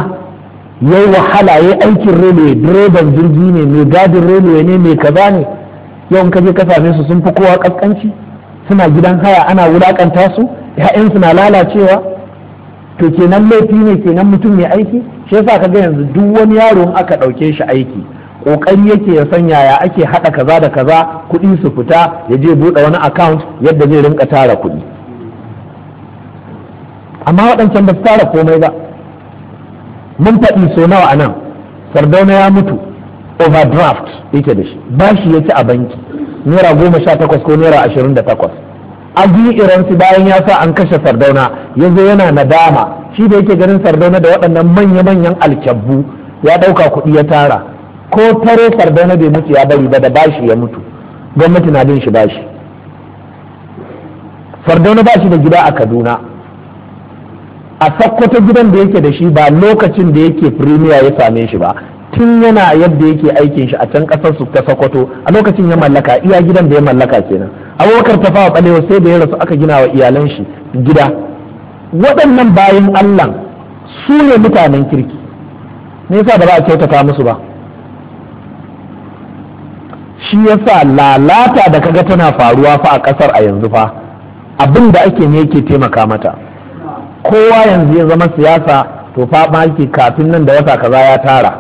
ya yi wahala ya aikin rediyo direban jirgi ne mai gadin rediyo ne mai kaza ne yawan kaje ka same su sun fi kowa kaskanci suna gidan haya ana wulaƙanta su 'ya'yansu na lalacewa to kenan laifi ne kenan mutum ya aiki shi yasa ga yanzu duk wani yaro aka ɗauke shi aiki kokari yake ya san yaya ake haɗa kaza da kaza kuɗi su fita ya je buɗe wani account yadda zai rinka tara kuɗi amma waɗancan ba su tara komai ba mun faɗi so nawa a nan sardauna ya mutu overdraft yake da shi bashi ya ci a banki naira goma sha takwas ko naira ashirin da takwas a iransu bayan ya sa an kashe sardauna ya zo yana nadama shi da yake ganin sardauna da waɗannan manya-manyan alkyabbu ya ɗauka kuɗi ya tara ko tare sardauna bai mutu ya bari ba da bashi ya mutu gwamnati na bin shi bashi sardauna bashi da gida a kaduna a sakkwata gidan da yake da shi ba lokacin da yake firimiya ya same shi ba tun yana yadda yake aikin shi a can ƙasar su ta sakkwato a lokacin ya mallaka iya gidan da ya mallaka kenan abubakar ta fawa balewa sai da ya rasu aka gina wa iyalan shi gida waɗannan bayan allah su ne mutanen kirki me yasa ba za a kyautata musu ba shi yasa lalata da kaga tana faruwa fa a ƙasar a yanzu fa abin da ake ne yake taimaka mata kowa yanzu ya zama siyasa to fa ma yake kafin nan da wata kaza ya tara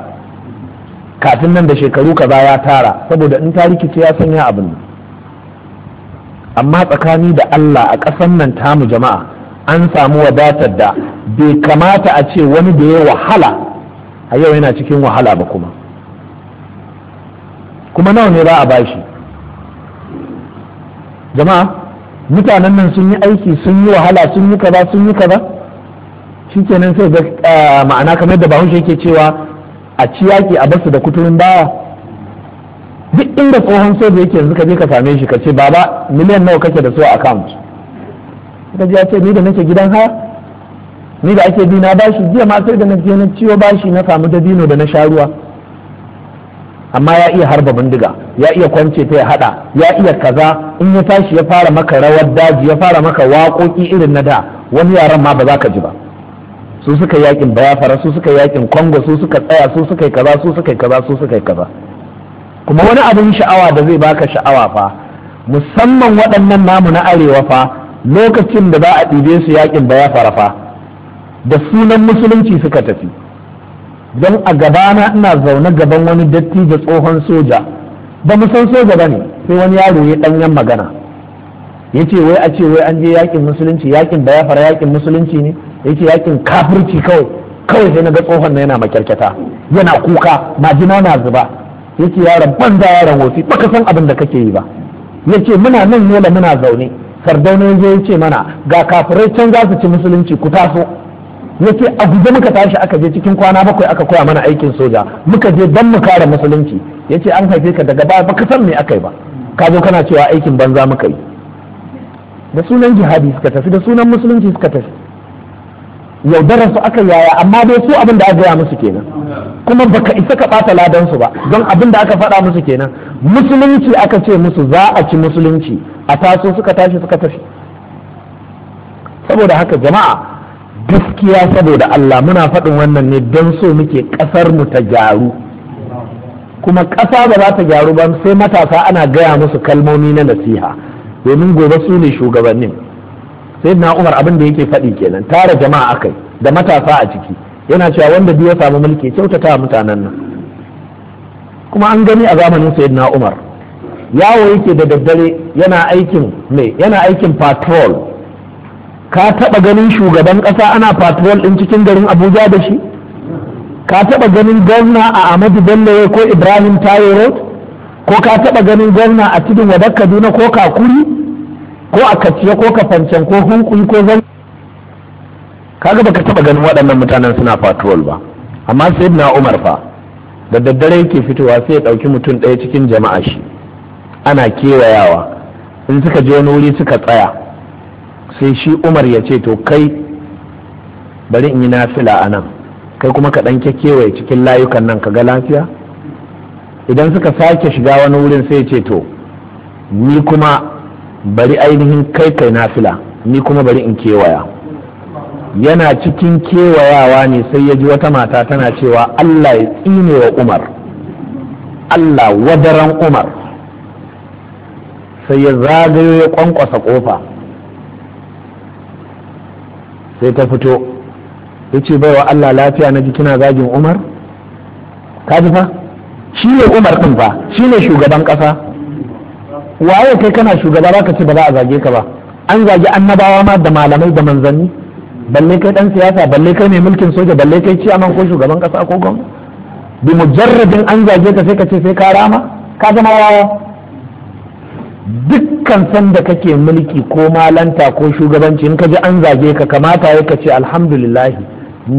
kafin nan da shekaru kaza ya tara saboda in ta rikice ya sanya abin amma tsakani da Allah a ƙasan nan tamu jama'a an samu wadatar da bai kamata a ce wani da ya wahala a yau yana cikin wahala ba kuma kuma nawa ne za a bashi jama'a mutanen nan sun yi aiki sun yi wahala sun yi kaza sun yi kaza shi kenan sai ga ah, ma'ana kamar da bahaushe ke cewa a ciyaki a basu da kuturin baya duk inda tsohon soja yake yanzu ka je ka same shi ka ce baba miliyan nawa kake da su a account ka ji ya ce ni da nake gidan ha ni da ake bi bashi jiya ma sai da na je na ciwo bashi na samu dabino da na sha ruwa amma ya iya harba bindiga ya iya kwance ta ya hada ya iya kaza in ya tashi ya fara maka rawar daji ya fara maka waƙoƙi irin na da wani yaran ma ba za ka ji ba su suka yakin bayafara su suka yakin kongo su suka tsaya su suka yi kaza su suka yi kaza su suka yi kaza kuma wani abin sha'awa da zai baka sha'awa fa musamman waɗannan namu na arewa fa lokacin da za a ɗibe su yakin da ya fara fa, da sunan musulunci suka tafi don a gabana ina zaune gaban wani dattijo tsohon soja ba mu san soja ba ne sai wani yaro ya ɗanyen magana ya ce wai a ce wai an je yakin musulunci yaƙin da ya fara yakin musulunci ne ya ce yakin kafirci kawai kawai sai na ga tsohon na yana makyarkyata yana kuka majina na zuba yace yaron banza yaron wofi baka san abin da kake yi ba ya ce muna nan yola muna zaune sardauna ya ce mana ga kafirai can za su ci musulunci ku taso ya ce a guje muka tashi aka je cikin kwana bakwai aka koya mana aikin soja muka je don mu kare musulunci ya ce an haife ka daga baya baka san me aka yi ba ka zo kana cewa aikin banza muka yi da sunan jihadi suka tafi da sunan musulunci suka tafi yaudarar aka yaya amma dai su abin da aka gaya musu kenan kuma baka isa ka bata ladan su ba don abin da aka faɗa musu kenan musulunci aka ce musu za a ci musulunci a taso suka tashi suka tafi saboda haka jama'a gaskiya saboda Allah muna faɗin wannan ne don so muke ƙasar mu ta gyaru kuma ƙasa ba za ta gyaru ba sai matasa ana gaya musu kalmomi na nasiha domin gobe su ne shugabannin sai na umar abin da yake faɗi kenan tara jama'a akai da matasa a ciki yana cewa wanda biyu ya samu mulki kyautata mutanen nan kuma an gani a zamanin sayyidina umar yawo yake da daddare yana aikin mai yana aikin patrol ka taba ganin shugaban kasa ana patrol din cikin garin abuja da shi ka taba ganin gwamna a amadu bello ko ibrahim tayo road ko ka taba ganin gwamna a tudun wadar kaduna ko kakuri ko a kaciya ko kafancen ko hunkuri ko zan kaga baka taba ganin waɗannan mutanen suna fatuwal ba amma sai na umar fa da daddare yake fitowa sai ya ɗauki mutum ɗaya cikin jama'a shi ana kewayawa in suka je wani wuri suka tsaya sai shi umar ya ce to kai bari in yi nafila a nan kai kuma ka ɗan kewaye cikin layukan nan ka ga lafiya idan suka sake shiga wani wurin sai ce to ni kuma bari ainihin kai kai na fila, ni kuma bari in kewaya yana cikin kewayawa ne sai ya ji wata mata tana cewa Allah ya tsine wa Umar Allah wadaran Umar sai ya zagayo ya kwankwasa kofa sai ta fito ya ce baiwa Allah lafiya na ji kina zagin Umar ka ji fa shi ne Umar ɗin fa shi ne shugaban ƙasa waye kai kana shugaba ka ce ba za a zage ka ba an zagi annabawa ma da malamai da manzanni balle kai dan siyasa balle kai mai mulkin soja balle kai ciyaman ko shugaban kasa ko gwamna bi mujarradin an zage ka sai ka ce sai ka rama ka zama rawa dukkan sanda kake mulki ko malanta ko shugabanci in ka ji an zage ka kamata ya ka ce alhamdulillah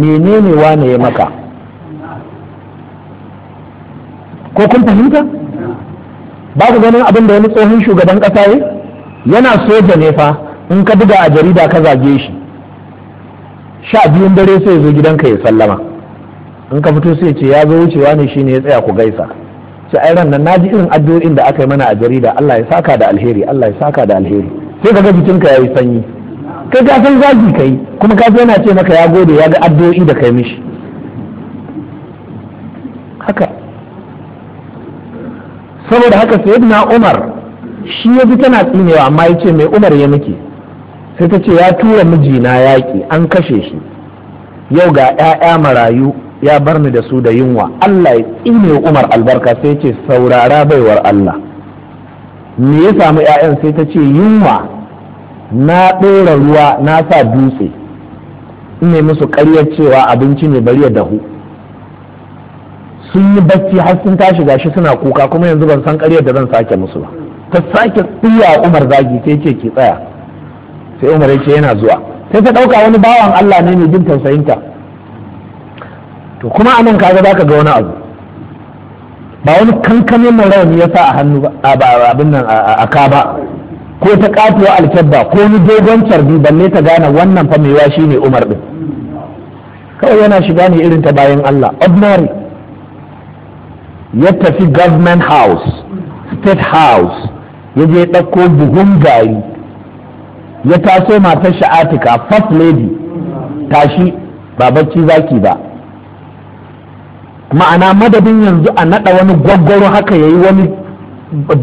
menene wane ya maka ko kun fahimta ba ku ganin abin da wani tsohon shugaban kasa yana soja ne fa in ka buga a jarida ka zage shi sha biyun dare sai ya zo gidanka ya sallama in ka fito sai ce ya zo wucewa ne shine ya tsaya ku gaisa sai ai ran nan naji irin addu'o'in da aka yi mana a jarida Allah ya saka da alheri Allah ya saka da alheri sai kaga jikinka yayi sanyi kai ka san zagi kai kuma ka yana ce maka ya gode ya ga addu'o'i da kai mishi haka saboda haka sayyidina Umar shi ya bi tana tsinewa amma yace mai Umar ya miki sai ta ce ya tura mijina yaƙi an kashe shi yau ga 'ya'ya marayu ya bar ni da su da yunwa Allah ya tsine Umar albarka sai ce saurara baiwar Allah me ya samu 'ya'yan sai ta ce yunwa na ɗora ruwa na sa dutse ne musu ƙaryar cewa abinci ne bari ya dahu sun yi bacci har sun tashi gashi suna kuka kuma yanzu ban san ƙaryar da zan sake musu ba ta sake tsiya Umar zagi sai ce ki tsaya sai umar ya ce yana zuwa sai ta ɗauka wani bawan Allah ne mai jin tausayinta to kuma a nan kaga zaka ga wani abu ba wani kankanin mai rauni ya sa a hannu ba abin nan a ka ba ko ta katuwa alkyabba ko ni dogon carbi balle ta gane wannan fa mai shi ne umar din kawai yana shiga ne irin ta bayan Allah ordinary ya tafi government house state house ya je ɗauko buhun gari ya taso matar sha'atika first lady tashi ba bacci zaki ba ma'ana madadin yanzu a naɗa wani gwaggwaro haka yayi wani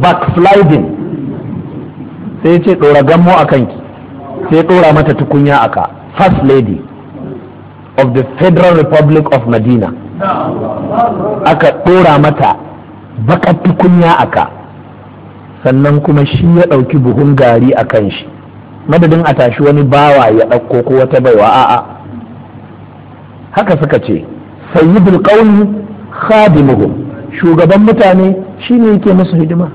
backsliding sai ce ɗora gammo a kanki sai ɗora mata tukunya aka first lady of the federal republic of medina aka ɗora mata bakar tukunya aka sannan kuma shi ya ɗauki buhun gari a kan shi madadin a tashi wani bawa ya ɗauko ko wata baiwa a'a haka suka ce sayyidul haɗi khadimuhum shugaban mutane shine yake musu hidima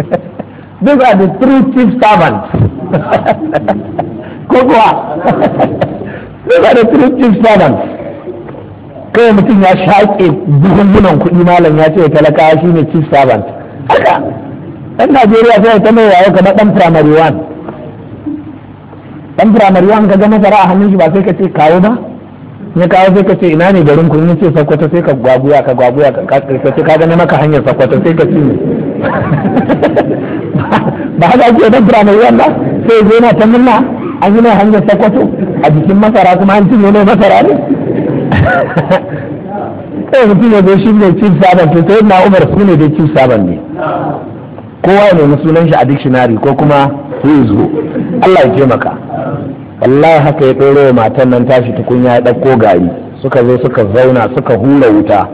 these are the three chief servants ko kuwa these are the three chief servants kai mutum ya shaƙe buhunan kuɗi malam ya ce talakawa shine chief servant haka ɗan najeriya sai ta mai wayo kamar ɗan primary one dan firamare an kaga masara a hannun shi ba sai ka ce kawo ba ne kawo sai ka ce ina ne garin kun ce sakwata sai ka gwaguya ka gwaguya ka ce ka gane maka hanyar sakwata sai ka ci ne ba haka ake dan firamare ba sai zai na ta munna an yi hanyar sakwato a jikin masara kuma an cinye ne masara ne kai mutum ya zo shi ne cin saban to sai na umar su ne dai cin saban ne kowa ne musulunci sunan shi a dictionary ko kuma sai zo Allah ya taimaka wallahi haka ya wa matan nan tashi tukunya ya ɗauko gari suka zo suka zauna suka hura wuta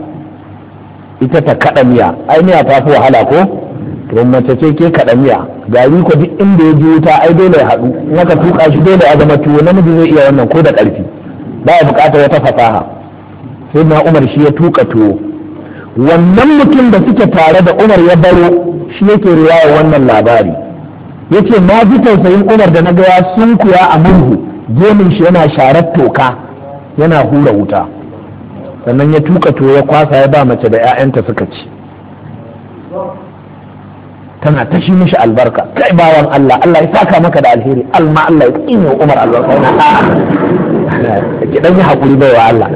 ita ta kaɗa miya ai miya ta fi wahala ko to mace ce ke kaɗa miya gari ko duk inda ya ji wuta ai dole ya haɗu in aka tuka shi dole azama zama tuwo namiji zai iya wannan ko da ƙarfi ba ya buƙatar wata fasaha sai na umar shi ya tuka tuwo wannan mutum da suke tare da umar ya baro shi yake riwaya wannan labari yace na ji tausayin umar da na ga ya sunkuya a murhu gemin shi yana sharar toka yana hura wuta sannan ya tuka to ya kwasa ya ba mace da 'ya'yanta suka ci tana ta shi mishi albarka kai bawan Allah Allah ya saka maka da alheri alma Allah ya kinyo Umar albarka ki dan yi hakuri wa Allah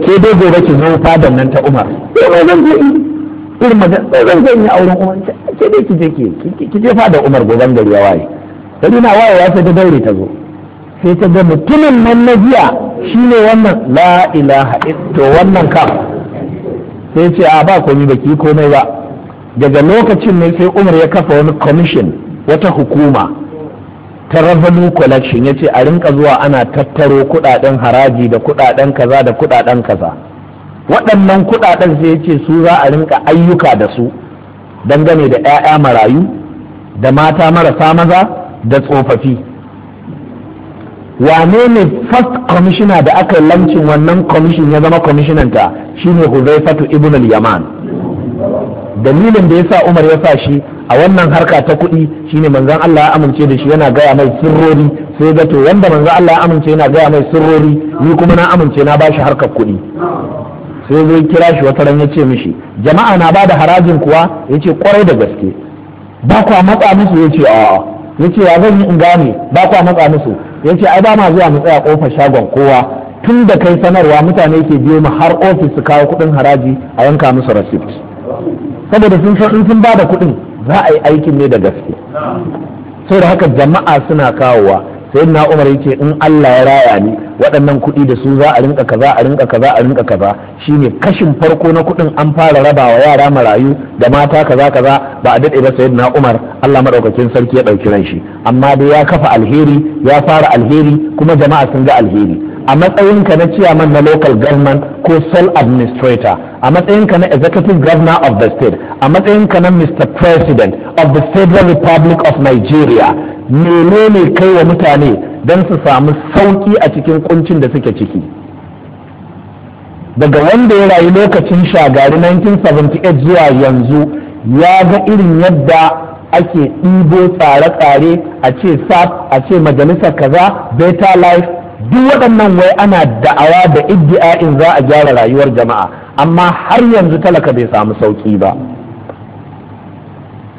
ke dai gobe ki zo fadan nan ta Umar ko zan je irin madan zan je auren Umar ke dai ki je ki ki je da Umar goban gari ya waye gari na waye ya sai da daure ta zo sai ta ga mutumin nan na jiya shine wannan la ilaha to wannan ka sai ce a ba komai ba ki komai ba daga lokacin ne sai Umar ya kafa wani commission wata hukuma ta revenue collection yace a rinka zuwa ana tattaro kudaden haraji da kudaden kaza da kudaden kaza waɗannan kudaden sai ya ce su za a rinka ayyuka da su dangane da 'ya'ya marayu da mata marasa maza da tsofaffi wane ne first commissioner da aka yi lancin wannan commission ya zama commissionanta shine huzaifatu ibn al-yaman dalilin da ya sa umar ya sa shi a wannan harka ta kuɗi shine manzon Allah ya amince da shi yana gaya mai sirrori sai zato wanda manzon Allah ya amince yana gaya mai sirrori ni kuma na amince na bashi harkar kuɗi sai zo kira shi wata ran ya ce mishi jama'a na bada harajin kuwa ya ce kwarai da gaske ba kwa matsa musu ya ce a'a ya ce ya zan yi in gane ba kwa matsa musu ya ce ai ba ma zuwa mu tsaya kofar shagon kowa tun da kai sanarwa mutane ke biyo mu har ofis su kawo kuɗin haraji a yanka musu receipt saboda sun san sun ba da kuɗin za a yi aikin ne da gaske da haka jama'a suna kawowa sai na umar yake in allah ya raya ni waɗannan kuɗi da su za a rinka kaza a rinka kaza a rinka kaza shine kashin farko na kuɗin an fara rabawa yara marayu da mata kaza kaza ba a daɗe ba sayyidina umar allah maɗaukakin sarki ya ɗauki ran shi amma dai ya kafa alheri ya fara alheri kuma jama'a sun ga alheri a matsayinka na chairman na local government ko sole administrator a matsayinka na executive governor of the state a matsayinka na mr president of the federal republic of nigeria menene kai wa mutane don su samu sauki a cikin kuncin da suke ciki daga wanda ya rayu lokacin shagari 1978 zuwa yanzu ya ga irin yadda ake ɗibo tsare-tsare a ce sap a ce kaza beta life duk waɗannan wai ana da'awa da iddi'a'in za a gyara rayuwar jama'a amma har yanzu talaka bai samu sauki ba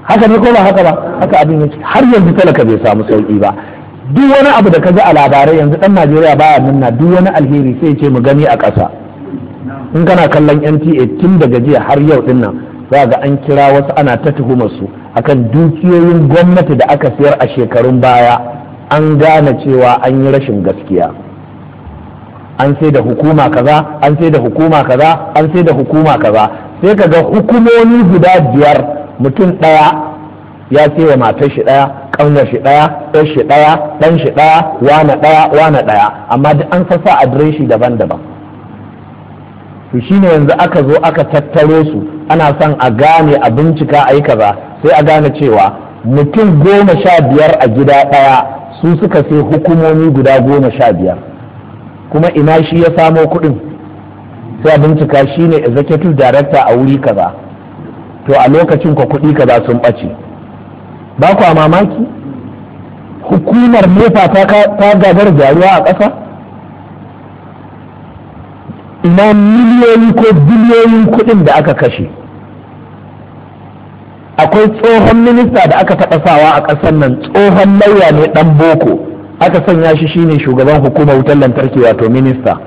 haka ne ko ba haka ba haka abin yake har yanzu talaka bai samu sauki ba duk wani abu da ka ji a labarai yanzu ɗan Najeriya baya nuna duk wani alheri sai ce mu gani a ƙasa in kana kallon NTA tun daga jiya har yau din nan za ga an kira wasu ana ta tuhumar su akan dukiyoyin gwamnati da aka siyar a shekarun baya an gane cewa an yi rashin gaskiya an sai da hukuma kaza an sai da hukuma kaza an sai da hukuma kaza sai kaga hukumomi guda biyar mutum daya ya sai wa matar shi ɗaya ƙaunar shi daya ɗan shi ɗaya ɗan shi daya wane daya wane daya amma duk an sassa adireshi daban-daban to shine yanzu aka zo aka tattaro su ana son a gane a bincika a yi kaza sai a gane cewa mutum goma sha biyar a gida ɗaya su suka sai hukumomi guda goma sha biyar kuma ina shi ya samo kuɗin sai a bincika shi ne executive director a wuri kaza to a lokacin ka kudi kaza sun ɓace ba ku a mamaki hukumar nefa ta gabar jaruwa a ƙasa ina miliyoyi ko biliyoyin kuɗin da aka kashe akwai tsohon minista da aka taɓa sawa a ƙasar nan tsohon lauya ne ɗan boko aka sanya shi shine shugaban hukumar wutar lantarki wato minista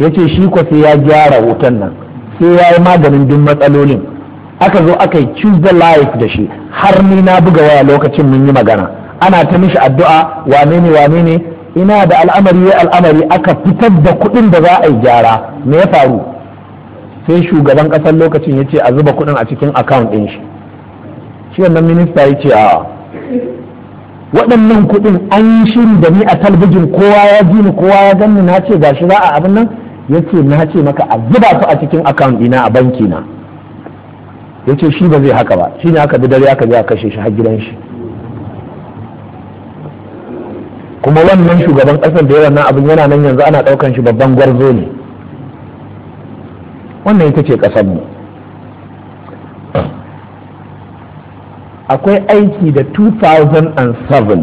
ya ce shi kwa sai ya gyara wutan nan sai ya yi maganin duk matsalolin aka zo aka yi choose the life da shi har ni na buga waya lokacin mun yi magana ana ta mishi addu'a wane ne wane ne ina da al'amari ya al'amari aka fitar da kuɗin da za a yi gyara me ya faru sai shugaban ƙasar lokacin ya ce a zuba kuɗin a cikin akawun ɗin shi shi wannan minista ya ce a waɗannan kuɗin an yi shiri da ni a talbijin kowa ya ji ni kowa ya ganni na ce shi za a abin nan ya ce na ce maka a zuba su a cikin akawun ɗina a banki na ya ce shi ba zai haka ba shi ne aka bi dare aka je a kashe shi har gidan shi kuma wannan shugaban ƙasar da yawan abin yana nan yanzu ana ɗaukan shi babban gwarzo ne wannan ita ce ƙasar mu akwai aiki da 2007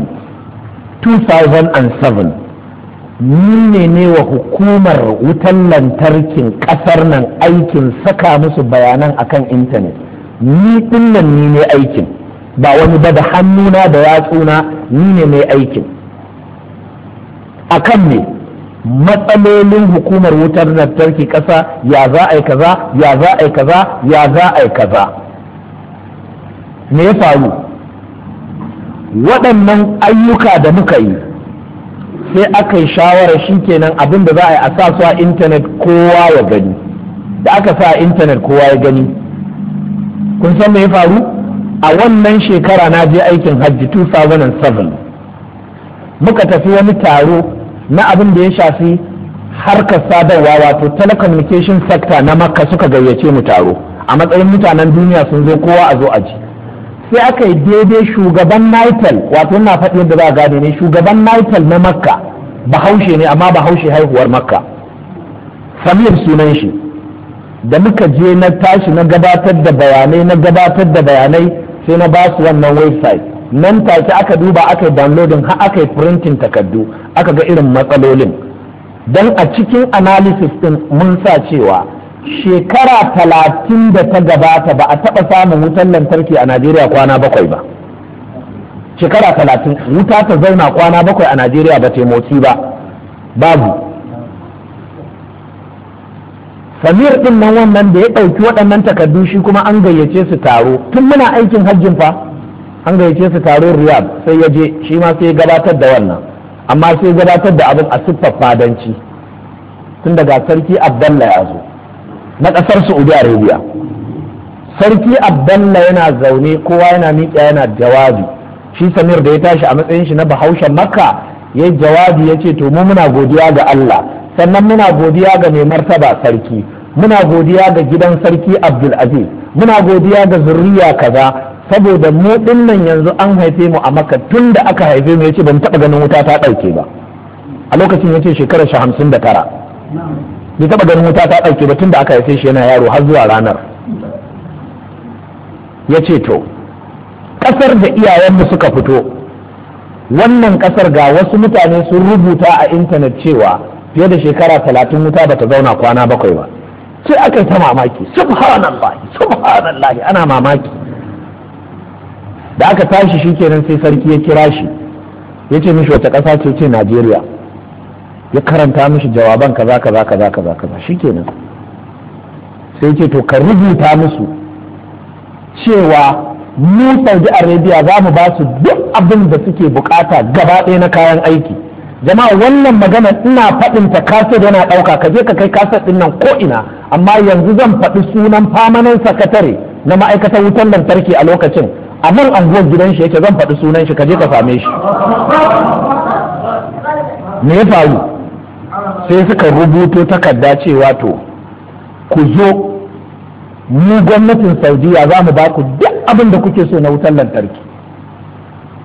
2007 ni ne wa hukumar wutan lantarkin kasar nan aikin saka musu bayanan akan intanet ni dinnan ni ne aikin ba wani ba da hannuna da yatsuna ni ne mai aikin akan ne matsalolin hukumar wutar lantarki ƙasa ya za a yi kaza ya za a yi kaza ya za a yi kaza me ya faru waɗannan ayyuka da muka yi sai aka yi shawarar shi kenan abin da za a yi a sa su a intanet kowa ya gani da aka sa a intanet kowa ya gani kun san me ya faru a wannan shekara na je aikin hajji 2007 muka tafi wani taro na abin da ya shafi harkar sadarwa wato telecommunication sector na makka suka gayyace mu taro a matsayin mutanen duniya sun zo kowa a zo a ji sai aka yi daidai shugaban nital wato na faɗi yadda za a gane ne shugaban nital na makka bahaushe ne amma bahaushe haihuwar makka samir sunan shi da muka je na tashi na gabatar da bayanai na gabatar da bayanai sai na basu wannan website nan take aka duba aka yi downloading har aka yi printing takardu aka ga irin matsalolin don a cikin analysis din mun sa cewa shekara talatin da ta gabata ba a taɓa samun wutar lantarki a najeriya kwana bakwai ba shekara talatin wuta ta zauna kwana bakwai a najeriya ba motsi ba babu samir ɗin nan wannan da ya ɗauki waɗannan takardu shi kuma an gayyace su taro tun muna aikin hajjin fa an gayyace su taro riyad sai ya je shi ma sai gabatar da wannan amma sai gabatar da abin a siffar fadanci tun daga sarki abdallah ya zo na ƙasar saudi arabia sarki abdullah yana zaune kowa yana miƙa yana jawabi shi samir da ya tashi a matsayin shi na Bahaushe, makka ya jawabi ya ce to mu muna godiya ga allah sannan muna godiya ga mai martaba sarki muna godiya ga gidan sarki abdul-aziz muna godiya ga zurriya kaza saboda mu dinnan yanzu an haife mu a makka tun da aka haife mu yace ban taba ganin wuta ta dauke ba a lokacin yace shekarar shi bai taba ganin wuta ta ɗauke ba tun da aka haife shi yana yaro har zuwa ranar ya ce to ƙasar da iyayenmu suka fito wannan ƙasar ga wasu mutane sun rubuta a intanet cewa fiye da shekara talatin wuta ba ta zauna kwana bakwai ba sai aka yi ta mamaki subhanallahi subhanallahi ana mamaki da aka tashi shi kenan sai sarki ya kira shi ya ce mishi wata ƙasa ce ce najeriya ya karanta mishi jawaban kaza kaza kaza kaza kaza shikenan sai ce to ka rubuta musu cewa mu Saudi Arabia za mu ba su duk abin da suke bukata gaba ɗaya na kayan aiki jama'a wannan magana ina faɗin ta kaset yana ɗauka ka je ka kai kaset ɗin nan ko ina amma yanzu zan faɗi sunan famanan sakatare na ma'aikatar wutan lantarki a lokacin a nan anguwar gidan shi yake zan faɗi sunan shi ka je ka same shi me ya faru sai suka rubuto takarda cewa to ku zo mu gwamnatin saudiya za mu ba ku duk abin da kuke so na wutar lantarki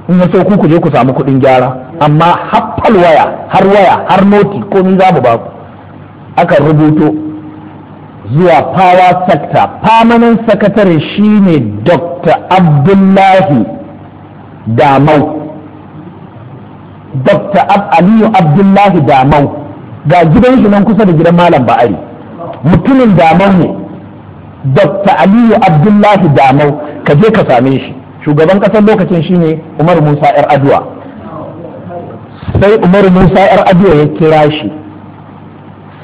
in ya so ku je ku samu kuɗin gyara amma haffal waya har waya har noti ni za mu ba ku aka rubuto zuwa power sector permanent secretary shine dr abdullahi damau dr aliyu abdullahi damau ga gidan shi nan kusa da gidan malam ba'ari mutumin damar ne dr aliyu abdullahi damau ka je ka same shi shugaban kasar lokacin shi ne umar musa yar aduwa sai umar musa yar aduwa ya kira shi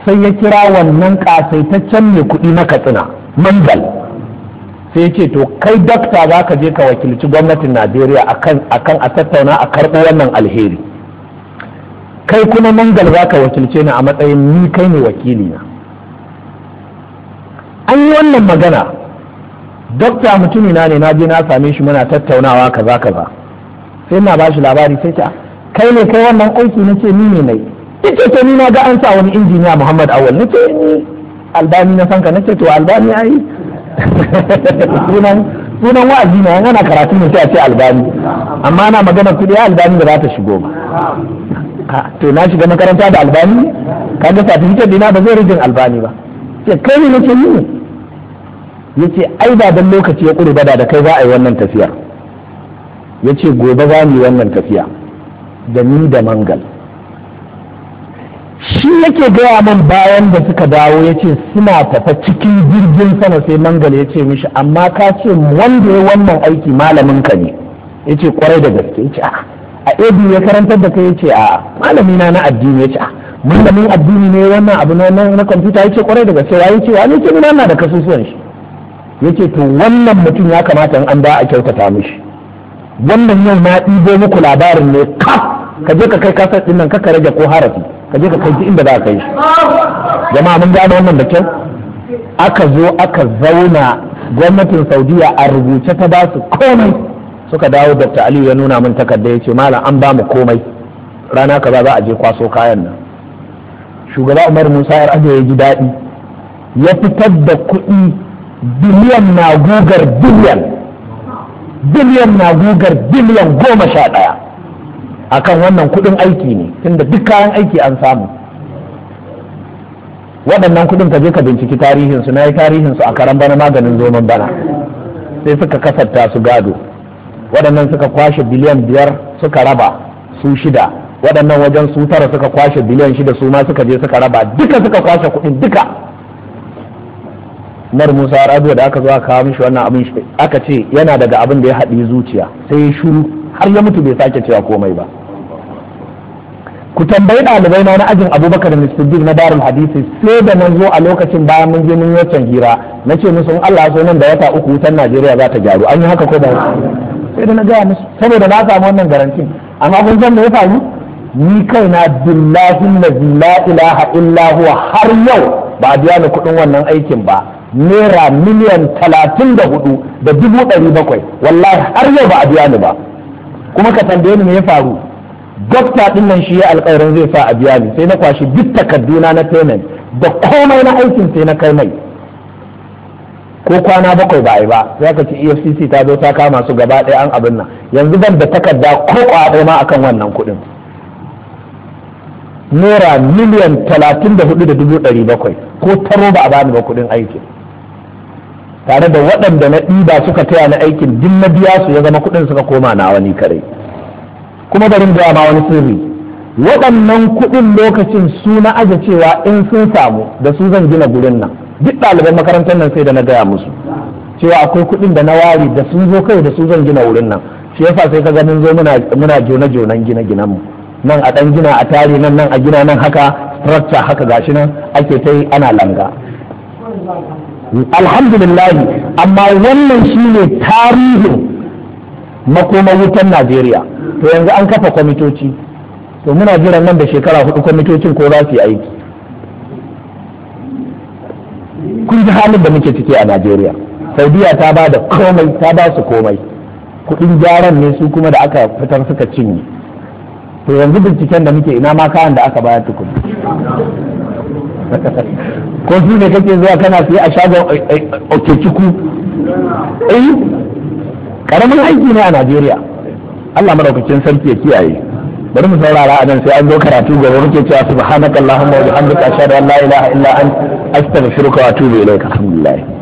sai ya kira wannan kasaitaccen mai kuɗi na katsina mangal sai ya ce to kai dakta za ka je ka wakilci gwamnatin najeriya akan a tattauna a karɓo wannan alheri kai kuma mangal za ka wakilce ni a matsayin ni kai ne wakili na an yi wannan magana dokta mutumina ne na je na same shi muna tattaunawa kaza kaza sai na ba shi labari sai ta kai ne kai wannan aiki na ce ni ne nai ita ce ni na ga an sa wani injiniya muhammad awal na ce ni albani na sanka na ce to albani yi. sunan wa'azi na yana karatu ne sai a ce albani amma ana magana kudi albani da za ta shigo ba to na shiga makaranta da albani ka ga certificate dina ba zai rijin albani ba ce kai ne ke yi ya ai ba dan lokaci ya ƙure bada da kai za a yi wannan tafiyar ya ce gobe za mu yi wannan tafiya da ni da mangal shi yake gaya min bayan da suka dawo yace ce suna tafa cikin jirgin sama sai mangal ya ce mishi amma ka ce wanda ya wannan aiki malamin ka ne ya kwarai da gaske ya a'a a ebi ya karantar da kai yace a malami na na addini ya ce a malamin addini ne wannan abu na na kwamfuta ya ce kwarai daga gaske ya yace wani ce ina da kasusuwan shi Ya ce to wannan mutum ya kamata in an ba a kyautata mishi wannan yau na ɗibo muku labarin ne ka ka je ka kai kasar ɗin nan ka rage ko harafi ka je ka kai inda za ka yi shi jama'a mun gane wannan da kyau aka zo aka zauna gwamnatin saudiya a rubuce ta ba su komai suka dawo dr aliyu ya nuna min takarda ya ce malam an ba mu komai rana kaza za a je kwaso kayan nan shugaba umar musa yar aje ya ji daɗi ya fitar da kuɗi biliyan na gugar biliyan biliyan na gugar biliyan goma sha ɗaya akan wannan kuɗin aiki ne tunda duk kayan aiki an samu waɗannan kuɗin ka je ka binciki tarihinsu na yi tarihinsu a karan bana maganin zoman bana sai suka kasarta su gado waɗannan suka kwashe biliyan biyar suka raba su shida waɗannan wajen su tara suka kwashe biliyan shida su ma suka je suka raba duka suka kwashe kuɗin duka nar musa rabiu da aka zo aka kawo mishi wannan abin shi aka ce yana daga abin da ya haɗi zuciya sai ya shuru har ya mutu bai sake cewa komai ba ku tambayi ɗalibai na ajin abubakar da na darul hadisi sai da nan zo a lokacin bayan mun je mun yi hira na ce musu in allah so nan da wata uku wutan najeriya za ta gyaru an yi haka ko ba sai da na gaya musu saboda na samu wannan garantin amma kun san me ya faru ni kaina billahi la ilaha illa huwa har yau ba a biya ni kuɗin wannan aikin ba naira miliyan talatin da hudu da dubu ɗari bakwai wallahi har yau ba a biya ni ba kuma ka tambaye ni me ya faru dokta din nan shi ya alƙawarin zai sa a biya ni sai na kwashi duk takarduna na payment da komai na aikin sai na kai mai ko kwana bakwai ba a yi ba za ka ci efcc ta zo ta kama su gaba ɗaya an abin nan yanzu ban da takarda ko ɗaya ma akan wannan kuɗin naira miliyan talatin da hudu da dubu ɗari bakwai ko taro ba a bani ba kuɗin aikin tare da waɗanda na ɗiba suka taya na aikin din na biya su ya zama kuɗin suka koma na wani kare kuma barin gaya ma wani sirri waɗannan kuɗin lokacin su na aje cewa in sun samu da su zan gina gurin nan duk ɗaliban makarantar nan sai da na gaya musu cewa akwai kuɗin da na wari da sun zo kai da su zan gina wurin nan shi yasa sai ka ganin zo muna jona jonan gina-ginanmu. mu nan a ɗan gina a tare nan nan a gina nan haka structure haka gashi nan ake ta ana langa alhamdulillahi amma wannan shine tarihin makoma wutan najeriya to yanzu an kafa kwamitoci to muna jiran nan da shekara hudu kwamitocin ko za su yi aiki kun ji halin da muke ciki a Najeriya Saudiya ta ba da komai ta ba su komai kuɗin gyaran ne su kuma da aka fitar suka cinye to yanzu binciken da muke ina ma kayan da aka bayar tukun ko su ne kake zuwa kana yi a shagon okeciku eh, eh karamin eh, aiki ne a Najeriya Allah maraukacin sarki ya kiyaye bari mu saurara a nan sai an zo karatu gaba muke cewa subhanakallahumma wa bihamdika ashhadu an la ilaha illa anta astaghfiruka wa atubu ka alhamdulillah